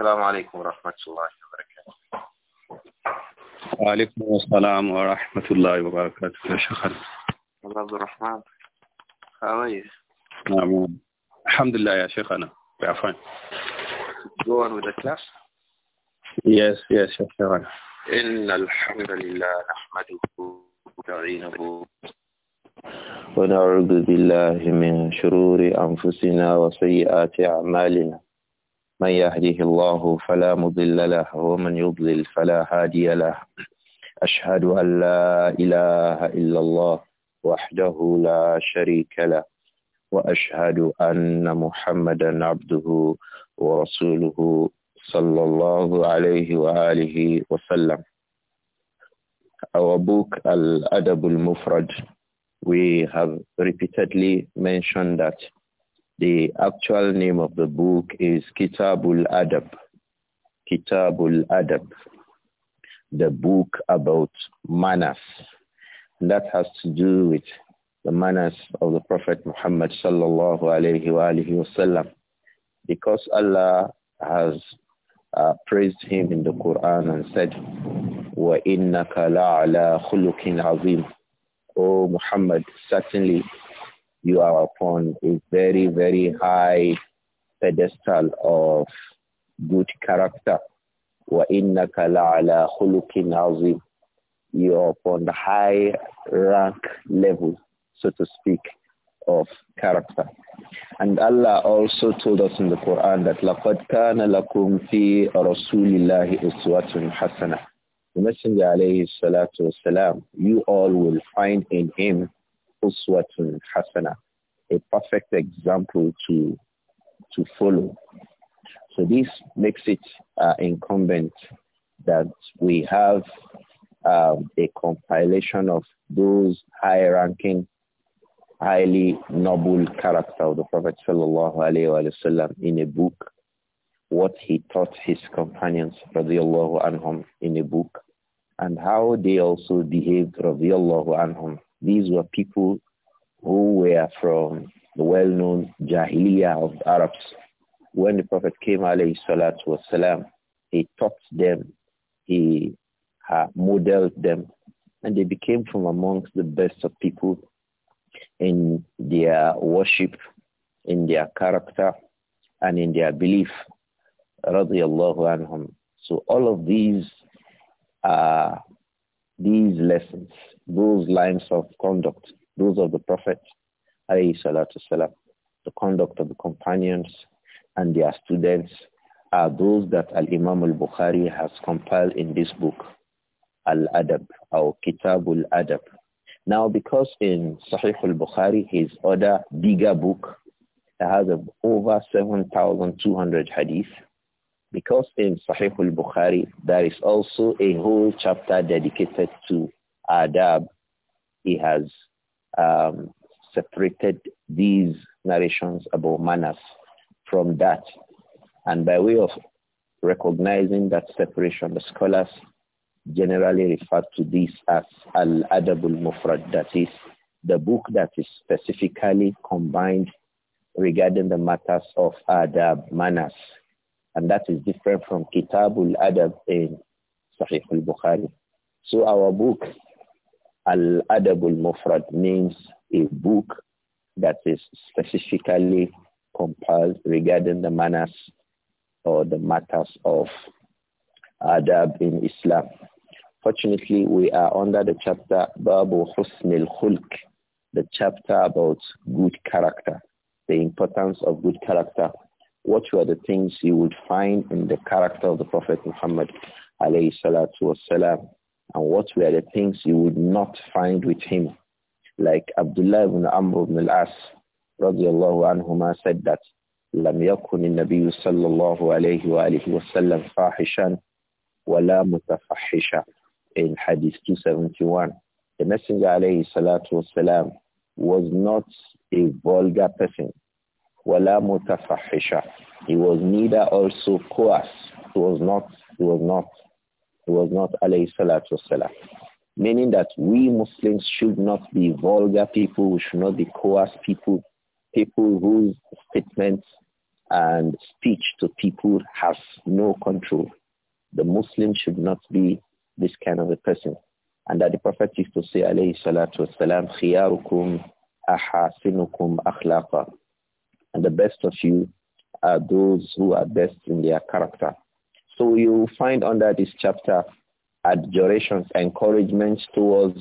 السلام عليكم ورحمة الله وبركاته وعليكم السلام ورحمة الله وبركاته يا شيخ عبد الرحمن خاوية نعم الحمد لله يا شيخ أنا بعفان جوان on يس يس يا شيخ أنا إن الحمد لله نحمده ونستعينه ونعوذ بالله من شرور أنفسنا وسيئات أعمالنا من يهده الله فلا مضل له ومن يضلل فلا هادي له أشهد أن لا إله إلا الله وحده لا شريك له وأشهد أن محمدا عبده ورسوله صلى الله عليه وآله وسلم Our book Al-Adab al-Mufrad we have repeatedly mentioned that The actual name of the book is Kitabul Adab. Kitabul Adab. The book about manners. And that has to do with the manners of the Prophet Muhammad sallallahu alayhi wa wasallam. Because Allah has uh, praised him in the Quran and said, وَإِنَّكَ لَعَلَى خُلُقٍ عَظِيمٍ O Muhammad, certainly you are upon a very, very high pedestal of good character. You are upon the high rank level, so to speak, of character. And Allah also told us in the Quran that لَقَدْ كَانَ لَكُمْ فِي رَسُولِ اللَّهِ إِسْوَةٌ حَسَنَةٌ The Messenger alayhi you all will find in him uswatun hasana, a perfect example to to follow. So this makes it uh, incumbent that we have um, a compilation of those high-ranking, highly noble character of the Prophet sallallahu alaihi wasallam in a book, what he taught his companions radiallahu anhum in a book, and how they also behaved radiallahu anhum these were people who were from the well-known Jahiliyyah of Arabs. When the Prophet came, alayhi salatu wasalam, he taught them, he uh, modeled them, and they became from amongst the best of people in their worship, in their character, and in their belief. Radiallahu anhum. So all of these are these lessons, those lines of conduct, those of the Prophet, alayhi the conduct of the companions and their students are those that Al-Imam al-Bukhari has compiled in this book, Al-Adab, or Kitabul adab Now, because in Sahih al-Bukhari, his other bigger book, it has over 7,200 hadith, because in Sahih al-Bukhari, there is also a whole chapter dedicated to adab. He has um, separated these narrations about manners from that. And by way of recognizing that separation, the scholars generally refer to this as Al-Adabul Mufrad, that is the book that is specifically combined regarding the matters of adab, manners, and that is different from Kitabul Adab in Sahih al-Bukhari. So our book, Al-Adabul Mufrad, means a book that is specifically compiled regarding the manners or the matters of adab in Islam. Fortunately, we are under the chapter Babu Khulk, the chapter about good character, the importance of good character what were the things you would find in the character of the Prophet Muhammad alayhi salatu wasalam, and what were the things you would not find with him. Like Abdullah ibn Amr ibn al-As radiallahu anhuma said that لم يكن النبي صلى الله عليه وآله وسلم فاحشا ولا متفحشا in Hadith 271. The Messenger alayhi salatu wasalam was not a vulgar person wala mutafahisha. He was neither also coarse. He was not, he was not, he was not alayhi salatu wasalam. Meaning that we Muslims should not be vulgar people, we should not be coarse people, people whose statements and speech to people has no control. The Muslim should not be this kind of a person. And that the Prophet used to say, alayhi salatu wasalam, khiyarukum ahasinukum akhlaqa. And the best of you are those who are best in their character. So you find under this chapter adjurations, encouragements towards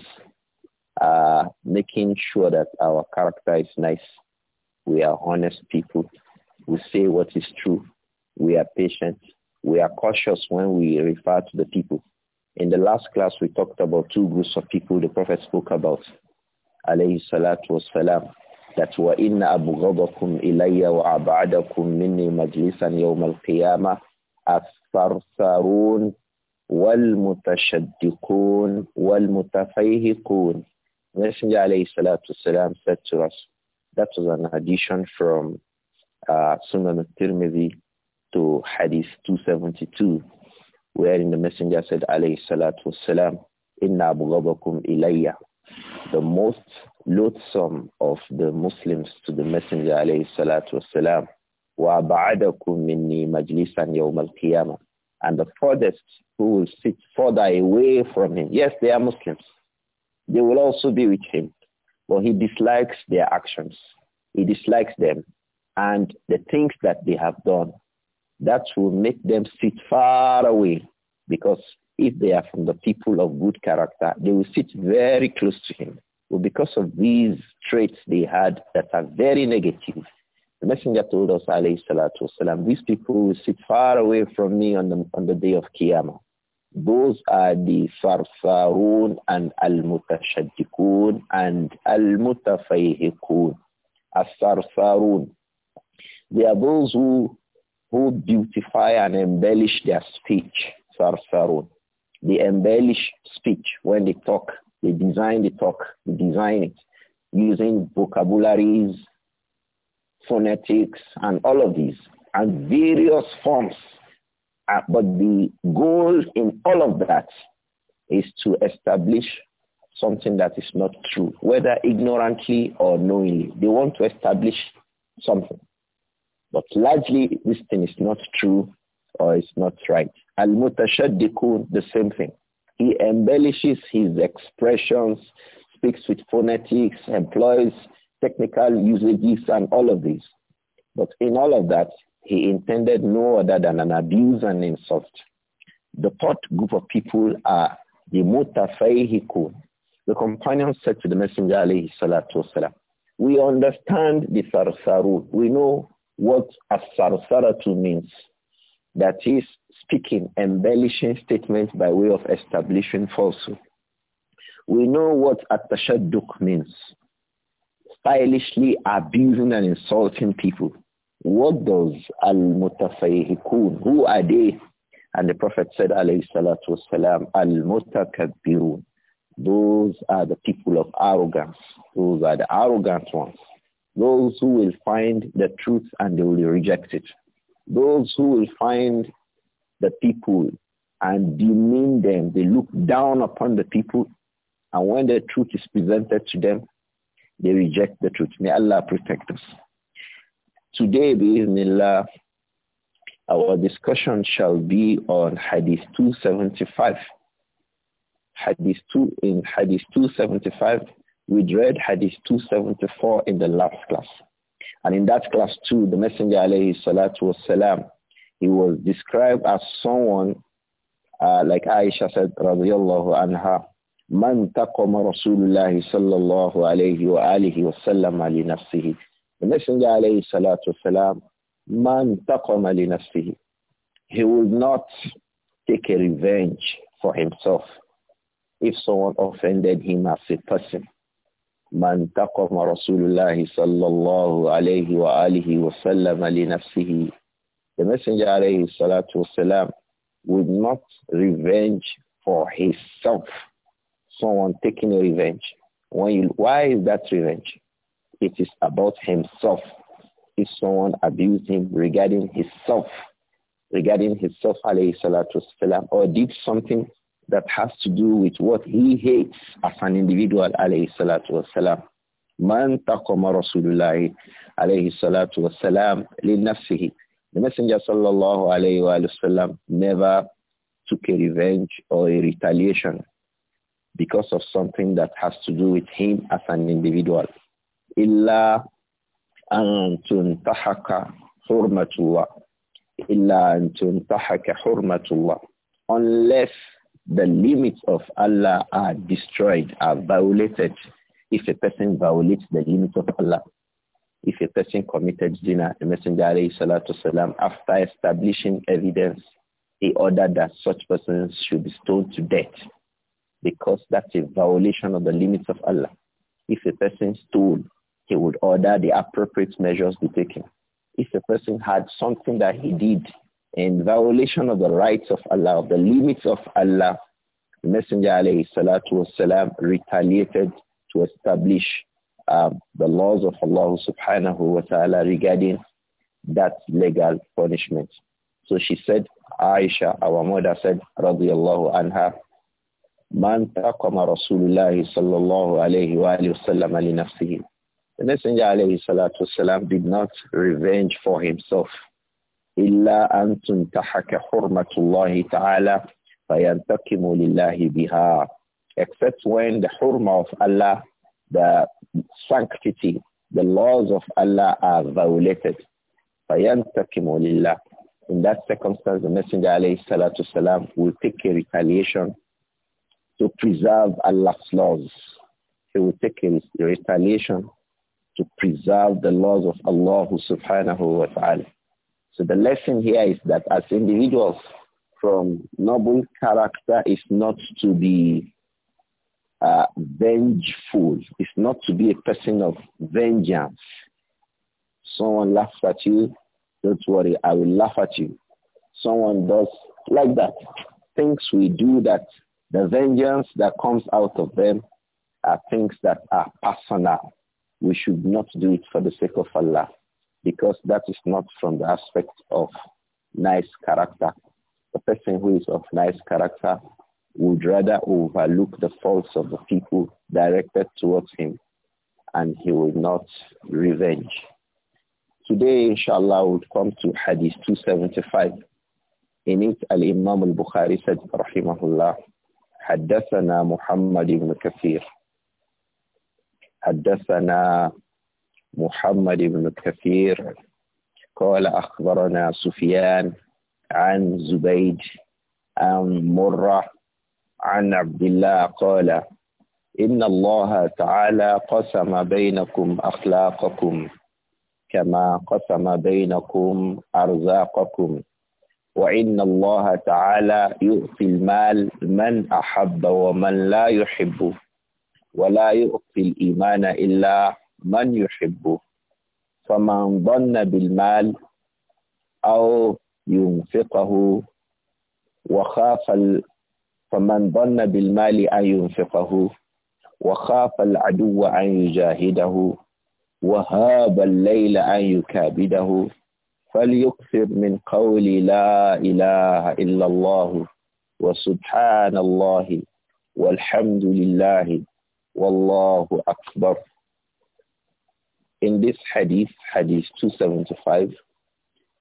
uh, making sure that our character is nice. We are honest people. We say what is true. We are patient. We are cautious when we refer to the people. In the last class, we talked about two groups of people the Prophet spoke about, alayhi salatu wasalam. That's wa inna abghadakum ilayya wa ab'adakum minni majlisan yawm al-qiyamah as-sarsarun wal mutashaddiqun wal mutafayhiqun. Messenger alayhi salatu salam said to us, that was an addition from uh, Sunan al-Tirmidhi to Hadith 272, wherein the Messenger said alayhi salatu salam, inna abghadakum ilayya the most loathsome of the Muslims to the Messenger alayhi salatu wasalam. وَأَبْعَدَكُمْ مِنِّي مَجْلِسًا يَوْمَ الْقِيَامَةِ And the furthest who will sit further away from him. Yes, they are Muslims. They will also be with him. But he dislikes their actions. He dislikes them and the things that they have done. That will make them sit far away because if they are from the people of good character, they will sit very close to him. But because of these traits they had that are very negative, the Messenger told us, alayhi these people will sit far away from me on the, on the day of Qiyamah. Those are the farfarun and al-mutashaddiqun and al-mutafayhiqun. As-sarfarun. They are those who, who beautify and embellish their speech. Sarfarun. They embellish speech when they talk. They design the talk. They design it using vocabularies, phonetics, and all of these, and various forms. Uh, but the goal in all of that is to establish something that is not true, whether ignorantly or knowingly. They want to establish something. But largely, this thing is not true or it's not right. Al-Mutashaddikun, the same thing. He embellishes his expressions, speaks with phonetics, employs technical usages and all of these. But in all of that, he intended no other than an abuse and insult. The third group of people are the mutafayhikun. The companions said to the Messenger, alayhi salatu wasalam, we understand the sarsarut. We know what a sarsaratu means that is speaking embellishing statements by way of establishing falsehood. We know what atashaduk means. Stylishly abusing and insulting people. What does al-mutafayhikun, who are they? And the Prophet said, alayhi salatu wasalam, al-mutakabbirun. Those are the people of arrogance. Those are the arrogant ones. Those who will find the truth and they will reject it. Those who will find the people and demean them, they look down upon the people, and when the truth is presented to them, they reject the truth. May Allah protect us. Today, Bismillah, our discussion shall be on Hadith 275. Hadith 2 in Hadith 275, we read Hadith 274 in the last class. And in that class too, the Messenger alayhi salatu salam. he was described as someone, uh, like Aisha said, radiyallahu anha, man taqama Rasulullah sallallahu alayhi wa alihi wasallam li nafsihi. The Messenger alayhi salatu wasalam, man taqama li nafsihi. He would not take a revenge for himself if someone offended him as a person. من تقم رسول الله صلى الله عليه وآله وسلم لنفسه The Messenger عليه الصلاة والسلام would not revenge for himself. Someone taking a revenge. When you, why is that revenge? It is about himself. If someone abused him regarding himself, regarding himself, alayhi salatu wasalam, or did something that has to do with what he hates as an individual, alayhi salatu wasalam. Man taqama Rasulullahi alayhi salatu wasalam li The Messenger sallallahu alayhi wa sallam never took a revenge or a retaliation because of something that has to do with him as an individual. Illa antun tuntahaka hurmatullah. Illa antun tuntahaka hurmatullah. Unless the limits of Allah are destroyed, are violated if a person violates the limits of Allah. If a person committed zina, the Messenger alayhi after establishing evidence, he ordered that such persons should be stoned to death because that's a violation of the limits of Allah. If a person stole, he would order the appropriate measures be taken. If a person had something that he did in violation of the rights of Allah, of the limits of Allah, the Messenger alayhi salatu wasalam retaliated to establish uh, the laws of Allah subhanahu wa ta'ala regarding that legal punishment. So she said, Aisha, our mother said, radiyallahu anha, man taqama Rasulullah sallallahu alayhi wa sallam li nafsihi. The Messenger alayhi salatu wasalam did not revenge for himself. إلا أن تنتحك حرمة الله تعالى فينتقم لله بها except when the hurma of Allah, the sanctity, the laws of Allah are violated. فَيَنْتَكِمُ لِلَّهِ In that circumstance, the Messenger alayhi will take a retaliation to preserve Allah's laws. He will take a retaliation to preserve the laws of Allah subhanahu wa ta'ala. So the lesson here is that as individuals from noble character is not to be uh, vengeful. It's not to be a person of vengeance. Someone laughs at you, don't worry, I will laugh at you. Someone does like that. Things we do that the vengeance that comes out of them are things that are personal. We should not do it for the sake of Allah because that is not from the aspect of nice character. The person who is of nice character would rather overlook the faults of the people directed towards him and he will not revenge. Today, inshallah, we'll come to Hadith 275. In it, Al-Imam al-Bukhari said, rahimahullah, حدثنا محمد بن كثير حدثنا محمد بن كثير قال أخبرنا سفيان عن زبيد عن مرة عن عبد الله قال إن الله تعالى قسم بينكم أخلاقكم كما قسم بينكم أرزاقكم وإن الله تعالى يؤتي المال من أحب ومن لا يحب ولا يؤتي الإيمان إلا من يحبه فمن ظن بالمال أو ينفقه وخاف ال... فمن ظن بالمال أن ينفقه وخاف العدو أن يجاهده وهاب الليل أن يكابده فليكثر من قول لا إله إلا الله وسبحان الله والحمد لله والله أكبر In this hadith, hadith 275,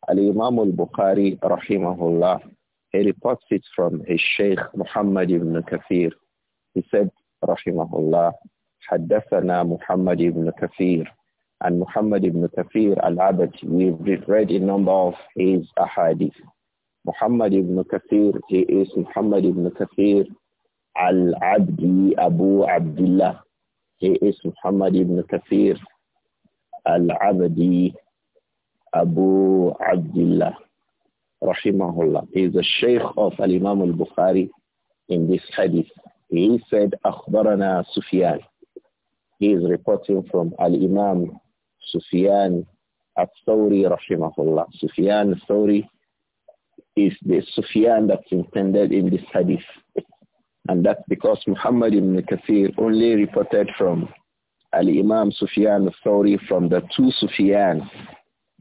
Al-Imam al-Bukhari, rahimahullah, he reports it from his Shaykh Muhammad ibn Kathir. He said, rahimahullah, حدثنا محمد ibn Kathir and Muhammad ibn Kathir al-Abati. We've read a number of his ahadith. Muhammad ibn Kathir, he is Muhammad ibn Kathir al-Abdi Abu Abdullah. He is Muhammad ibn Kathir Al-Abadi Abu Abdullah rahimahullah. He is a sheikh of Al-Imam Al-Bukhari in this hadith. He said, Akhbarana Sufyan. He is reporting from Al-Imam Sufyan al-Thawri rahimahullah. Sufyan al-Thawri is the Sufyan that's intended in this hadith. And that's because Muhammad ibn Kathir only reported from Al-Imam Sufyan al-Thawri from the two Sufyan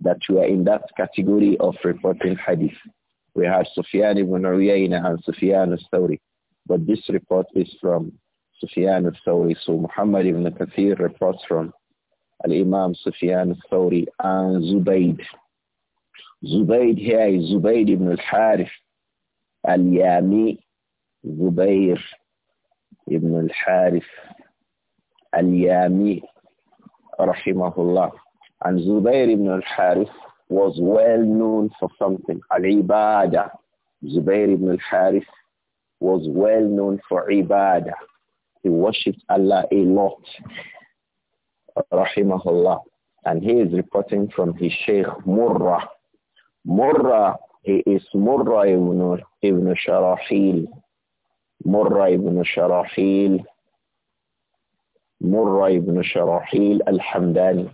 that were in that category of reporting hadith. We have Sufyan ibn Uyayna and Sufyan al-Thawri. But this report is from Sufyan al-Thawri. So Muhammad ibn Kathir reports from Al-Imam Sufyan al-Thawri and Zubayd. Zubayd here is Zubayd ibn al Harif al-Yami Zubayr ibn al Harif al-Yami, rahimahullah. And Zubair ibn al-Harith was well known for something, al-Ibadah. Zubair ibn al-Harith was well known for Ibadah. He worshipped Allah a lot, rahimahullah. And he is reporting from his Sheikh Murrah. Murrah, he is Murrah ibn, ibn Sharahil. Murrah ibn Sharahil مرة ابن شراحيل الحمداني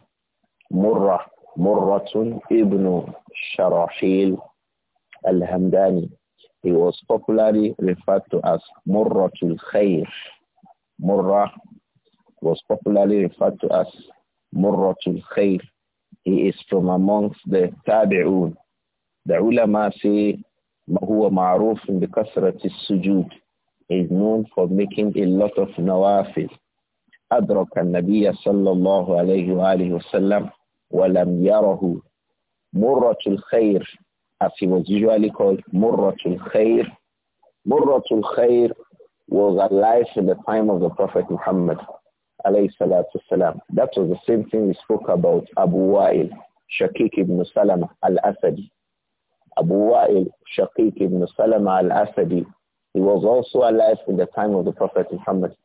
مرة مرة ابن شراحيل الحمداني He was popularly referred to as Murratul Khair. مرة was popularly referred to as Murratul Khair. He is from amongst the Tabi'un. The ulama say هو معروف بكثرة السجود. He is known for making a lot of nawafil. أدرك النبي صلى الله عليه وآله وسلم ولم يره مرة الخير as he was usually called مرة الخير مرة الخير was alive in the time of the Prophet Muhammad alayhi salatu wasalam. That was the same thing we spoke about Abu Wa'il Shakik ibn Salama al-Asadi. Abu Wa'il Shakik ibn Salama al-Asadi. He was also alive in the time of the Prophet Muhammad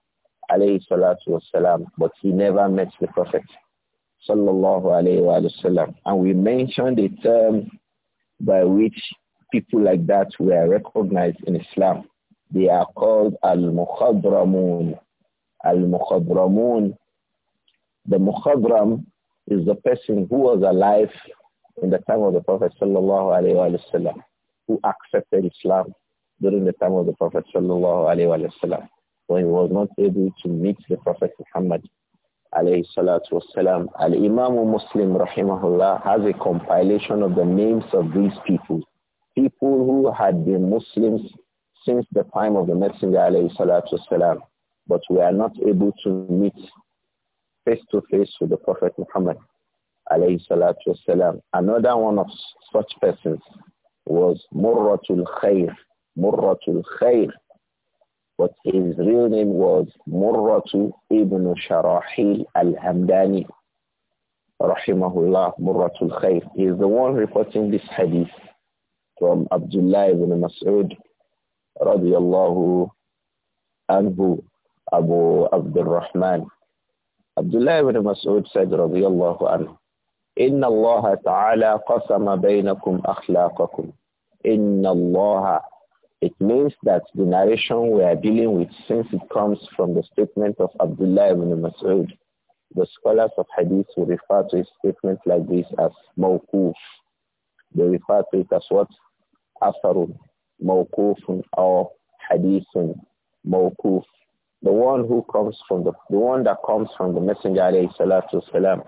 alayhi salatu wasalam, but he never met the Prophet sallallahu alayhi wa sallam. And we mentioned the term by which people like that were recognized in Islam. They are called al-mukhadramun. Al-mukhadramun. The mukhadram is the person who was alive in the time of the Prophet sallallahu Alaihi Wasallam, who accepted Islam during the time of the Prophet sallallahu Alaihi Wasallam when he was not able to meet the Prophet Muhammad alayhi salatu wasalam. Al-Imam Muslim rahimahullah has a compilation of the names of these people. People who had been Muslims since the time of the Messenger alayhi salatu wasalam, but were not able to meet face to face with the Prophet Muhammad alayhi salatu wasalam. Another one of such persons was Murratul Khair. Murratul Khair what his real name was Murratu ibn Sharahil al-Hamdani. Rahimahullah Murratul Khair. He is the one reporting this hadith from Abdullah ibn Mas'ud radiyallahu anhu Abu Abdurrahman. Abdullah ibn Mas'ud said radiyallahu anhu, إن الله تعالى قسم بينكم أخلاقكم. إن الله it means that the narration we are dealing with, since it comes from the statement of Abdullah ibn Mas'ud, the scholars of hadith will refer to a statement like this as mawkuf. They refer to it as what? Asarun, mawkufun, or hadithun, mawkuf. The one who comes from the, the one that comes from the Messenger alayhi salatu salam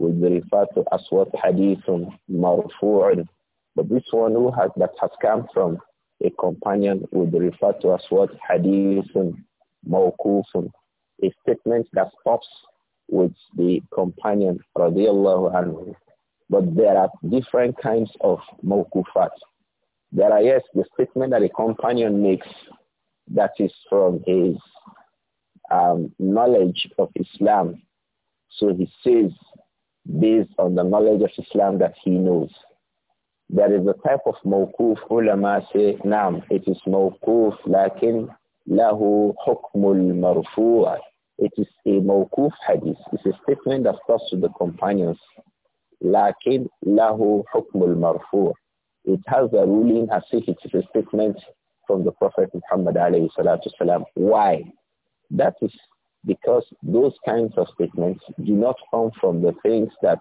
will be referred to as what hadithun, marfu'un. But this one who has, that has come from a companion would refer to as what? Hadithun, mawkufun, a statement that stops with the companion, radiallahu anhu. But there are different kinds of mawkufat. There are, yes, the statement that a companion makes that is from his um, knowledge of Islam. So he says, based on the knowledge of Islam that he knows. There is a type of mawkuf ulama say, nam, it is mawkuf, lakin lahu hukmul marfu'a. It is a mawkuf hadith. It's a statement that starts to the companions. Lakin lahu hukmul marfu'. It has a ruling as if it is a statement from the Prophet Muhammad alayhi salatu salam. Why? That is because those kinds of statements do not come from the things that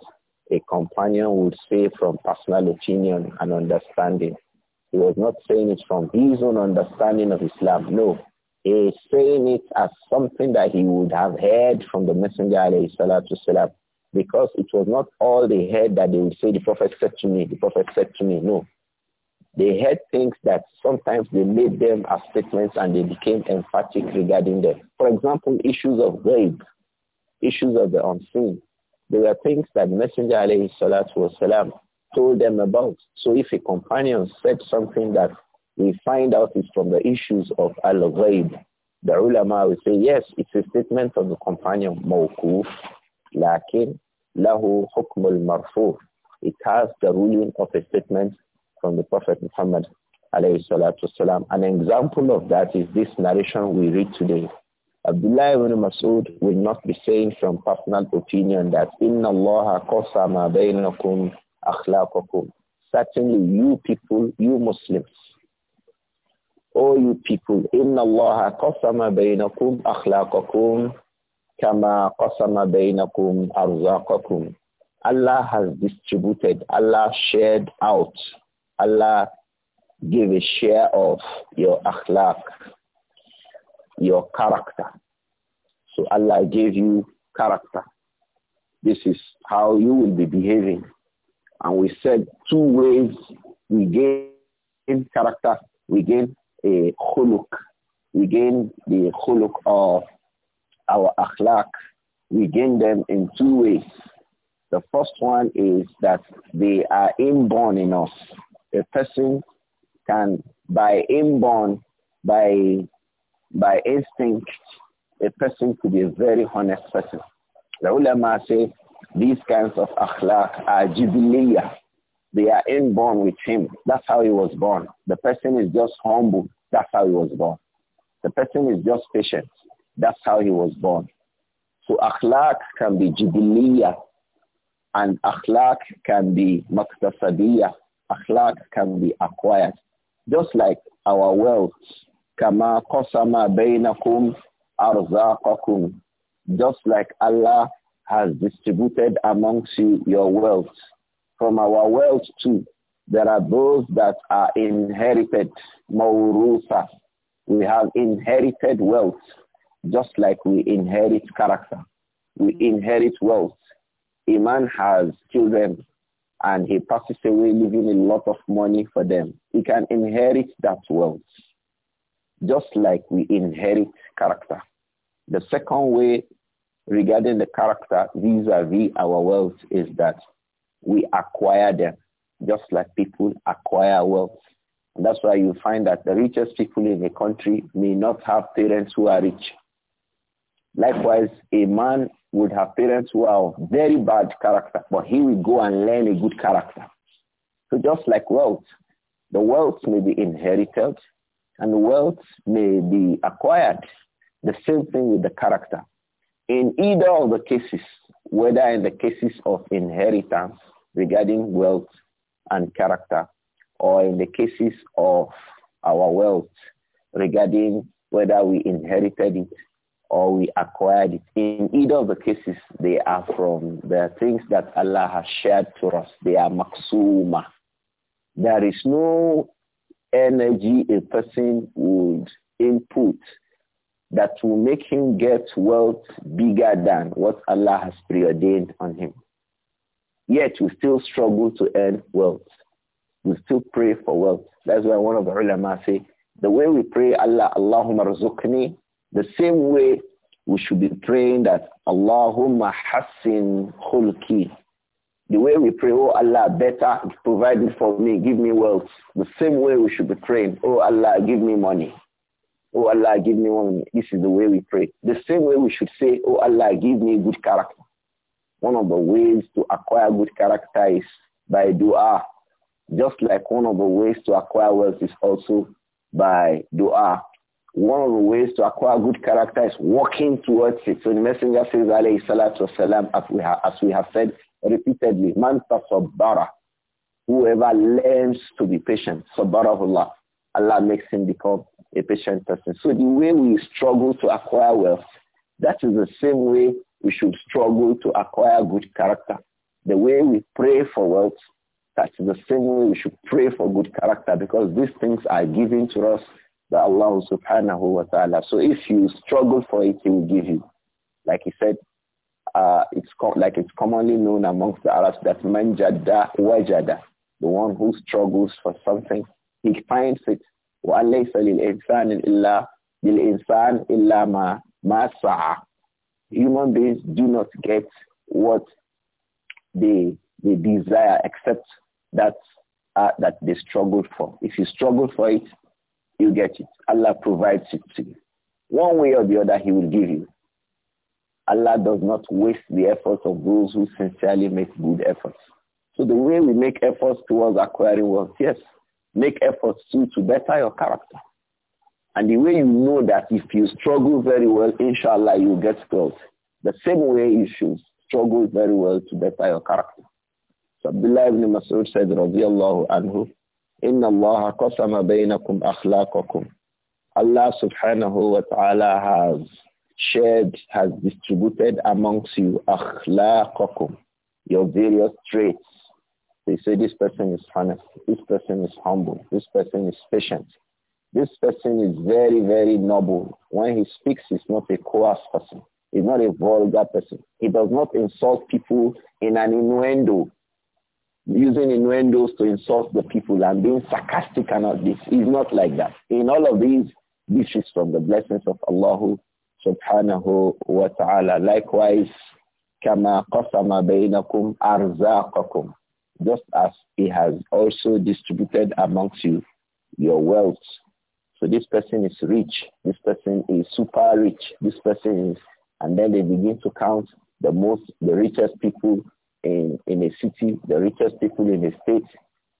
a companion would say from personal opinion and understanding. He was not saying it from his own understanding of Islam. No. He is saying it as something that he would have heard from the Messenger والسلام, because it was not all they heard that they would say, the Prophet said to me, the Prophet said to me. No. They heard things that sometimes they made them as statements and they became emphatic regarding them. For example, issues of grave, issues of the unseen, there were things that Messenger alayhi salatu wasalam told them about. So if a companion said something that we find out is from the issues of al-ghaib, the ulama will say, yes, it's a statement of the companion, mawkuf, lakin lahu hukmul marfu. It has the ruling of a statement from the Prophet Muhammad alayhi salatu wasalam. An example of that is this narration we read today Abdullah ibn Mas'ud will not be saying from personal opinion that Inna Allah qasama bainakum akhlaqakum. Certainly you people, you Muslims, all you people, Inna Allah qasama bainakum akhlaqakum kama qasama bainakum arzaqakum. Allah has distributed, Allah shared out, Allah gave a share of your akhlaq, your character. So Allah gave you character. This is how you will be behaving. And we said two ways we gain character, we gain a khuluk, we gain the khuluk of our akhlaq. We gain them in two ways. The first one is that they are inborn in us. A person can, by inborn, by by instinct, a person could be a very honest person. The ulama say these kinds of akhlaq are jubiliyah. They are inborn with him. That's how he was born. The person is just humble. That's how he was born. The person is just patient. That's how he was born. So akhlaq can be jubiliyah and akhlaq can be maqtasadiyah. Akhlaq can be acquired. Just like our wealth Kama qasama bainakum arzaqakum. Just like Allah has distributed amongst you your wealth. From our wealth too, there are those that are inherited, mawrusa. We have inherited wealth, just like we inherit character. We hmm. inherit wealth. A man has children and he passes away leaving a lot of money for them. He can inherit that wealth just like we inherit character. The second way regarding the character vis-a-vis our wealth is that we acquire them just like people acquire wealth. And that's why you find that the richest people in a country may not have parents who are rich. Likewise, a man would have parents who are of very bad character, but he will go and learn a good character. So just like wealth, the wealth may be inherited, and wealth may be acquired. The same thing with the character. In either of the cases, whether in the cases of inheritance regarding wealth and character, or in the cases of our wealth regarding whether we inherited it or we acquired it. In either of the cases, they are from the things that Allah has shared to us. They are maksuma. There is no energy a person would input that will make him get wealth bigger than what Allah has preordained on him. Yet we still struggle to earn wealth. We still pray for wealth. That's why one of the ulama say, the way we pray Allah, Allahumma the same way we should be praying that Allahumma hassin khulki, the way we pray, oh Allah, better, provide it for me, give me wealth. The same way we should be praying, oh Allah, give me money. Oh Allah, give me money. This is the way we pray. The same way we should say, oh Allah, give me good character. One of the ways to acquire good character is by dua. Just like one of the ways to acquire wealth is also by dua. One of the ways to acquire good character is walking towards it. So the messenger says, Allah, salatu as we have said, repeatedly, man sabara. whoever learns to be patient, Allah, Allah makes him become a patient person. So the way we struggle to acquire wealth, that is the same way we should struggle to acquire good character. The way we pray for wealth, that is the same way we should pray for good character because these things are given to us by Allah subhanahu wa ta'ala. So if you struggle for it, he will give you. Like he said, uh, it's like it's commonly known amongst the Arabs that manjada wajada, the one who struggles for something, he finds it. وَأَلَّيْسَ لِلْإِنسَانِ إِلَّا بِالْإِنسَانِ إِلَّا مَا مَا سَعَى Human beings do not get what they, they desire except that, uh, that they struggled for. If you struggle for it, you get it. Allah provides it to you. One way or the other, he will give you. Allah does not waste the efforts of those who sincerely make good efforts. So the way we make efforts towards acquiring wealth, yes, make efforts too to better your character. And the way you know that if you struggle very well, inshallah, you get wealth. The same way you should struggle very well to better your character. So Abdullah ibn Mas'ud said, radiyallahu anhu, إِنَّ اللَّهَ قَسَمَ بَيْنَكُمْ أَخْلَاقَكُمْ Allah subhanahu wa ta'ala has shared, has distributed amongst you akhlaqakum, your various traits. They say this person is honest, this person is humble, this person is patient, this person is very, very noble. When he speaks, he's not a coarse person. He's not a vulgar person. He does not insult people in an innuendo, using innuendos to insult the people and being sarcastic and all this. He's not like that. In all of these, this is from the blessings of Allah subhanahu wa ta'ala. Likewise, kama qasama bainakum arzaqakum. Just as he has also distributed amongst you your wealth. So this person is rich. This person is super rich. This person is, and then they begin to count the most, the richest people in, in a city, the richest people in a state,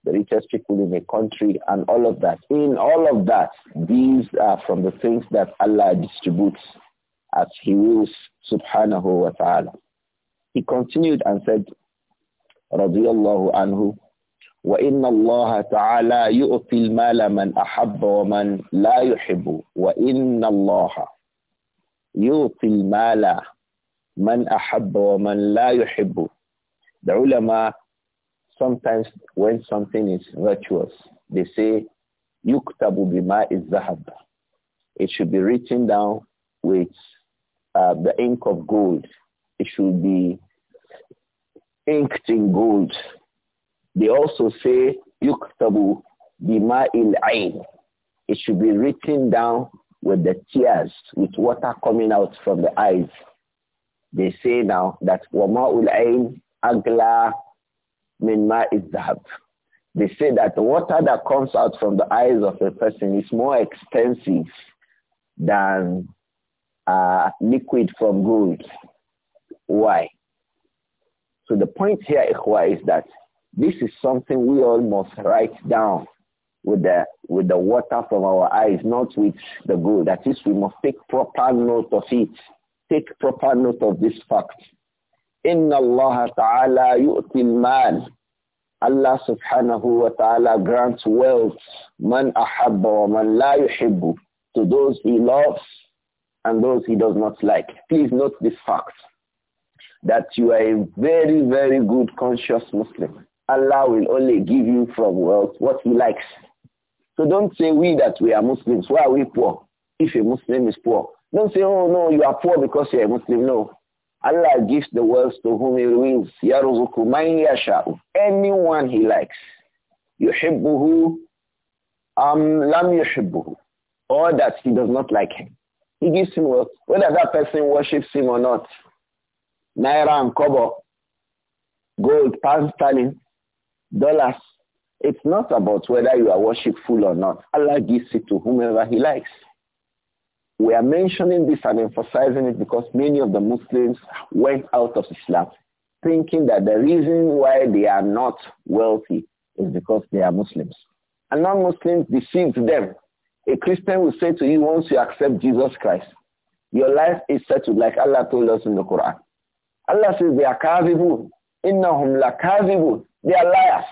the richest people in a country, and all of that. In all of that, these are from the things that Allah distributes as he wills subhanahu wa ta'ala. He continued and said, radiyallahu anhu, وإن الله تعالى يؤتي المال من أحب ومن لا يحب وإن الله يؤتي المال من أحب ومن لا يحب The ulama sometimes when something is virtuous they say يكتب بماء الذهب It should be written down with uh, the ink of gold. It should be inked in gold. They also say yuktabu il ain, It should be written down with the tears, with water coming out from the eyes. They say now that ul ain agla min ma'iz They say that the water that comes out from the eyes of a person is more expensive than uh, liquid from gold. Why? So the point here, Ikhwa, is that this is something we all must write down with the, with the water from our eyes, not with the gold. That is, we must take proper note of it. Take proper note of this fact. Inna Allah ta'ala yu'til man. Allah subhanahu wa ta'ala grants wealth man ahabba wa man la yuhibbu to those he loves and those he does not like. Please note this fact that you are a very, very good conscious Muslim. Allah will only give you from wealth what he likes. So don't say we that we are Muslims. Why are we poor? If a Muslim is poor. Don't say, oh no, you are poor because you are a Muslim. No. Allah gives the wealth to whom he wills. يَرْزُقُ مَنْ Anyone he likes. يُحِبُّهُ أَمْ lam يُحِبُّهُ Or that he does not like him. He gives him wealth, whether that person worships him or not. Naira and kobo, gold, pound sterling, dollars. It's not about whether you are worshipful or not. Allah gives it to whomever he likes. We are mentioning this and emphasizing it because many of the Muslims went out of Islam thinking that the reason why they are not wealthy is because they are Muslims. And non-Muslims deceived them a Christian will say to you once you accept Jesus Christ, your life is settled like Allah told us in the Quran. Allah says they are kazibun. Innahum la kazibun. They are liars.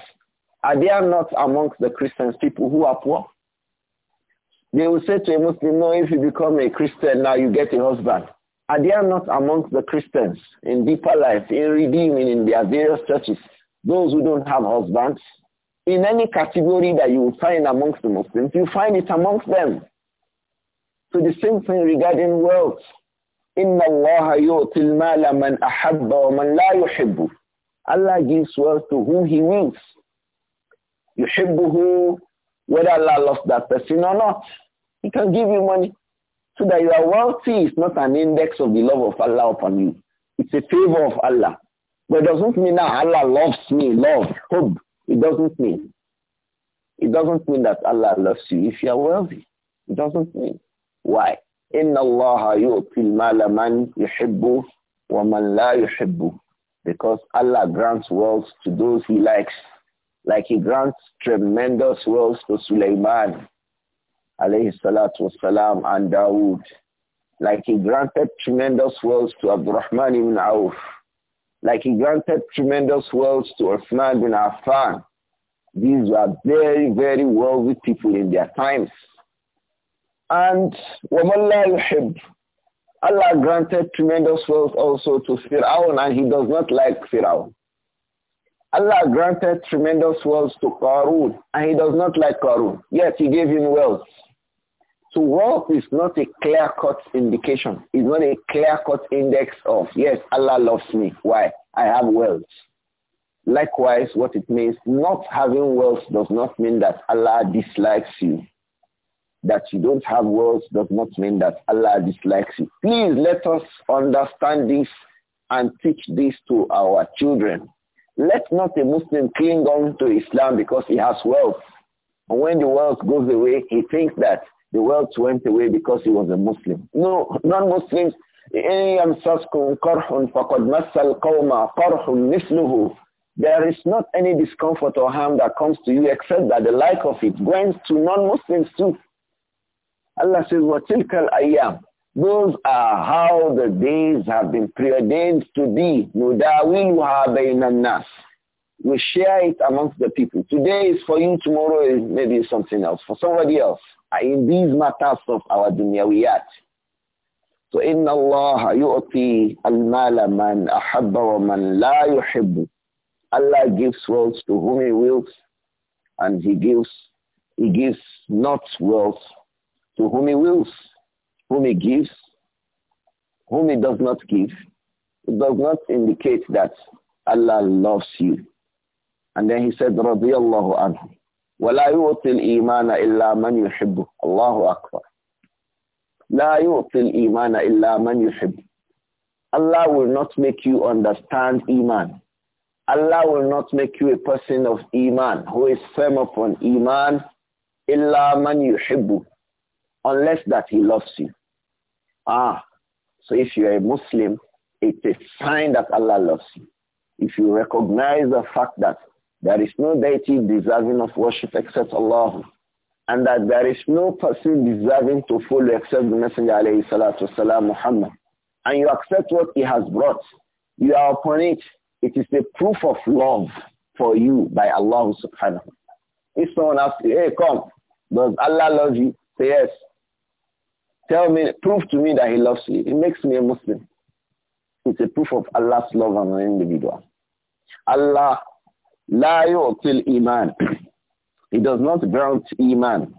Are they not amongst the Christians people who are poor? They will say to a Muslim, no, if you become a Christian now, you get a husband. Are they not amongst the Christians in deeper life, in redeeming in their various churches, those who don't have husbands, in any category that you find amongst the Muslims, you find it amongst them. So the same thing regarding wealth. Inna إِنَّ اللَّهَ يُؤْتِ man ahabba wa man la yuhibbu. Allah gives wealth to whom he wills. who, whether Allah loves that person or not. He can give you money. So that you are wealthy is not an index of the love of Allah upon you. It's a favor of Allah. But it doesn't mean that Allah loves me, love, hub. It doesn't mean. It doesn't mean that Allah loves you if you are wealthy. It doesn't mean. Why? Allah اللَّهَ يُؤْتِي الْمَالَ مَنْ wa وَمَنْ لَا يُحِبُّ Because Allah grants wealth to those he likes, like he grants tremendous wealth to Sulaiman, alayhi salatu wasalam, and Dawood, like he granted tremendous wealth to Abdurrahman ibn Auf, like he granted tremendous wealth to Uthman bin Affan. These were very, very wealthy people in their times. And وَمَا Allah granted tremendous wealth also to Fir'aun and he does not like Fir'aun. Allah granted tremendous wealth to Qarun and he does not like Qarun. Yet he gave him wealth. So wealth is not a clear-cut indication. It's not a clear-cut index of, yes, Allah loves me. Why? I have wealth. Likewise, what it means, not having wealth does not mean that Allah dislikes you. That you don't have wealth does not mean that Allah dislikes you. Please let us understand this and teach this to our children. Let not a Muslim cling on to Islam because he has wealth. And when the wealth goes away, he thinks that the wealth went away because he was a Muslim. No, non-Muslims, there is not any discomfort or harm that comes to you except that the like of it went to non-Muslims too. Allah says, وَتِلْكَ ayam? Those are how the days have been preordained to be. نُدَاوِلُهَا بَيْنَ النَّاسِ We share it amongst the people. Today is for you, tomorrow is maybe something else, for somebody else in these matters of our dunyawiyat. So إِنَّ اللَّهَ يُؤْتِي الْمَالَ مَنْ أَحَبَّ وَمَنْ لَا يُحِبُّ Allah gives wealth to whom he wills and he gives he gives not wealth to whom he wills, whom he gives, whom he does not give. It does not indicate that Allah loves you. And then he said, رَضِيَ اللَّهُ عَنْهُ وَلَا يُؤْتِ الْإِيمَانَ إِلَّا مَنْ يحبه. Allahu أكبر. لَا يُؤْتِ الْإِيمَانَ إِلَّا مَنْ يُحِبُّ Allah will not make you understand Iman. Allah will not make you a person of Iman who is firm upon Iman إِلَّا مَنْ يُحِبُّ Unless that he loves you. Ah, so if you are a Muslim, it's a sign that Allah loves you. If you recognize the fact that there is no deity deserving of worship except Allah. And that there is no person deserving to follow except the Messenger alayhi salatu Muhammad. And you accept what he has brought. You are upon it. It is the proof of love for you by Allah subhanahu. If someone asks you, hey, come, does Allah love you? Say yes. Tell me, prove to me that he loves you. It makes me a Muslim. It's a proof of Allah's love on an individual. Allah La yu'til iman. He does not grant iman.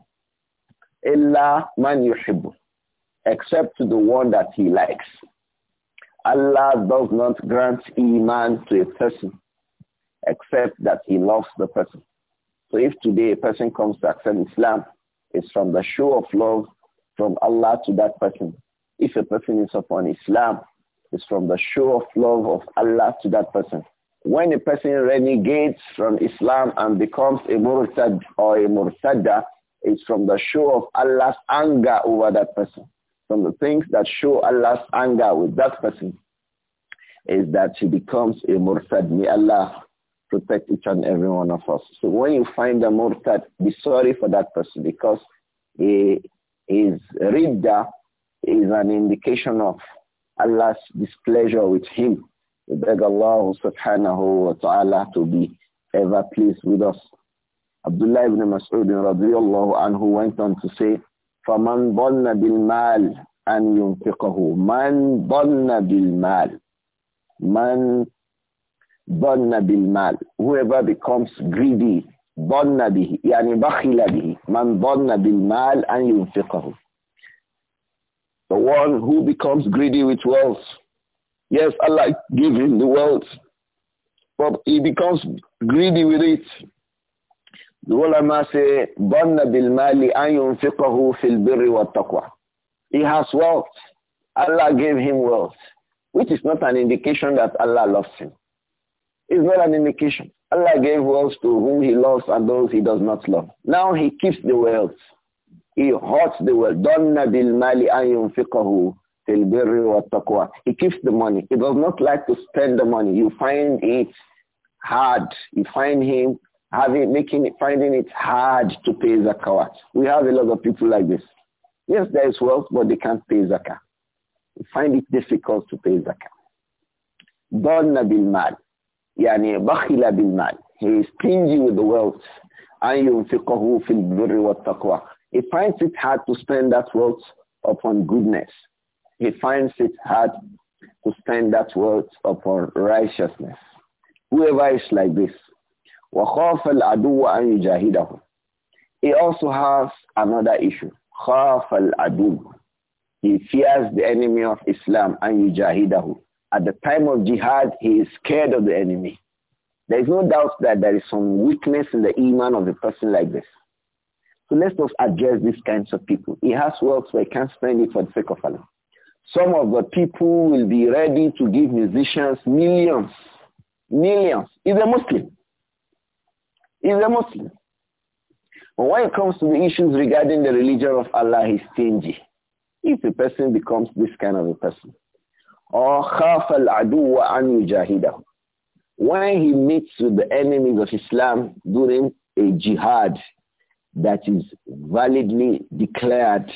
Illa man yuhibbu. Except to the one that he likes. Allah does not grant iman to a person except that he loves the person. So if today a person comes to accept Islam, it's from the show of love from Allah to that person. If a person is upon Islam, it's from the show of love of Allah to that person. When a person renegates from Islam and becomes a murtad or a murtada, it's from the show of Allah's anger over that person. From the things that show Allah's anger with that person is that he becomes a murtad. May Allah protect each and every one of us. So when you find a murtad, be sorry for that person because he is ridda is an indication of Allah's displeasure with him. We beg Allah subhanahu wa ta'ala to be ever pleased with us. Abdullah ibn Mas'ud radiallahu anhu went on to say, فَمَنْ ظَنَّ بِالْمَالِ أَنْ يُنْفِقَهُ مَنْ ظَنَّ بِالْمَالِ مَنْ ظَنَّ بِالْمَالِ Whoever becomes greedy, ظَنَّ بِهِ يعني بخل به مَنْ ظَنَّ بِالْمَالِ أَنْ يُنْفِقَهُ The one who becomes greedy with wealth, Yes, Allah gave him the wealth, but he becomes greedy with it. The ulama say, بَنَّ بِالْمَالِ أَنْ fil فِي wa taqwa. He has wealth. Allah gave him wealth, which is not an indication that Allah loves him. It's not an indication. Allah gave wealth to whom he loves and those he does not love. Now he keeps the wealth. He hoards the wealth. دَنَّ بِالْمَالِ أَنْ يُنْفِقَهُ he keeps the money. He does not like to spend the money. You find it hard. You find him having making it finding it hard to pay zakah. We have a lot of people like this. Yes, there is wealth, but they can't pay zakah. They find it difficult to pay zakah. Donna bil mal, yani bakhila bil mal. He is stingy with the wealth. And yunfiqahu fil birri wa taqwa. He finds it hard to spend that wealth upon goodness he finds it hard to spend that wealth upon righteousness. Whoever is like this, وَخَافَ الْعَدُوَّ أَنْ يُجَاهِدَهُ He also has another issue. خَافَ الْعَدُوَّ He fears the enemy of Islam and يُجَاهِدَهُ At the time of jihad, he is scared of the enemy. There is no doubt that there is some weakness in the iman of a person like this. So let us address these kinds of people. He has wealth, so he can't spend it for the sake of Allah. Some of the people will be ready to give musicians millions. Millions. Is a Muslim. Is a Muslim. But when it comes to the issues regarding the religion of Allah, he's stingy. If a person becomes this kind of a person. Or خَافَ الْعَدُوَّ أَنْ يُجَاهِدَهُ When he meets with the enemies of Islam during a jihad that is validly declared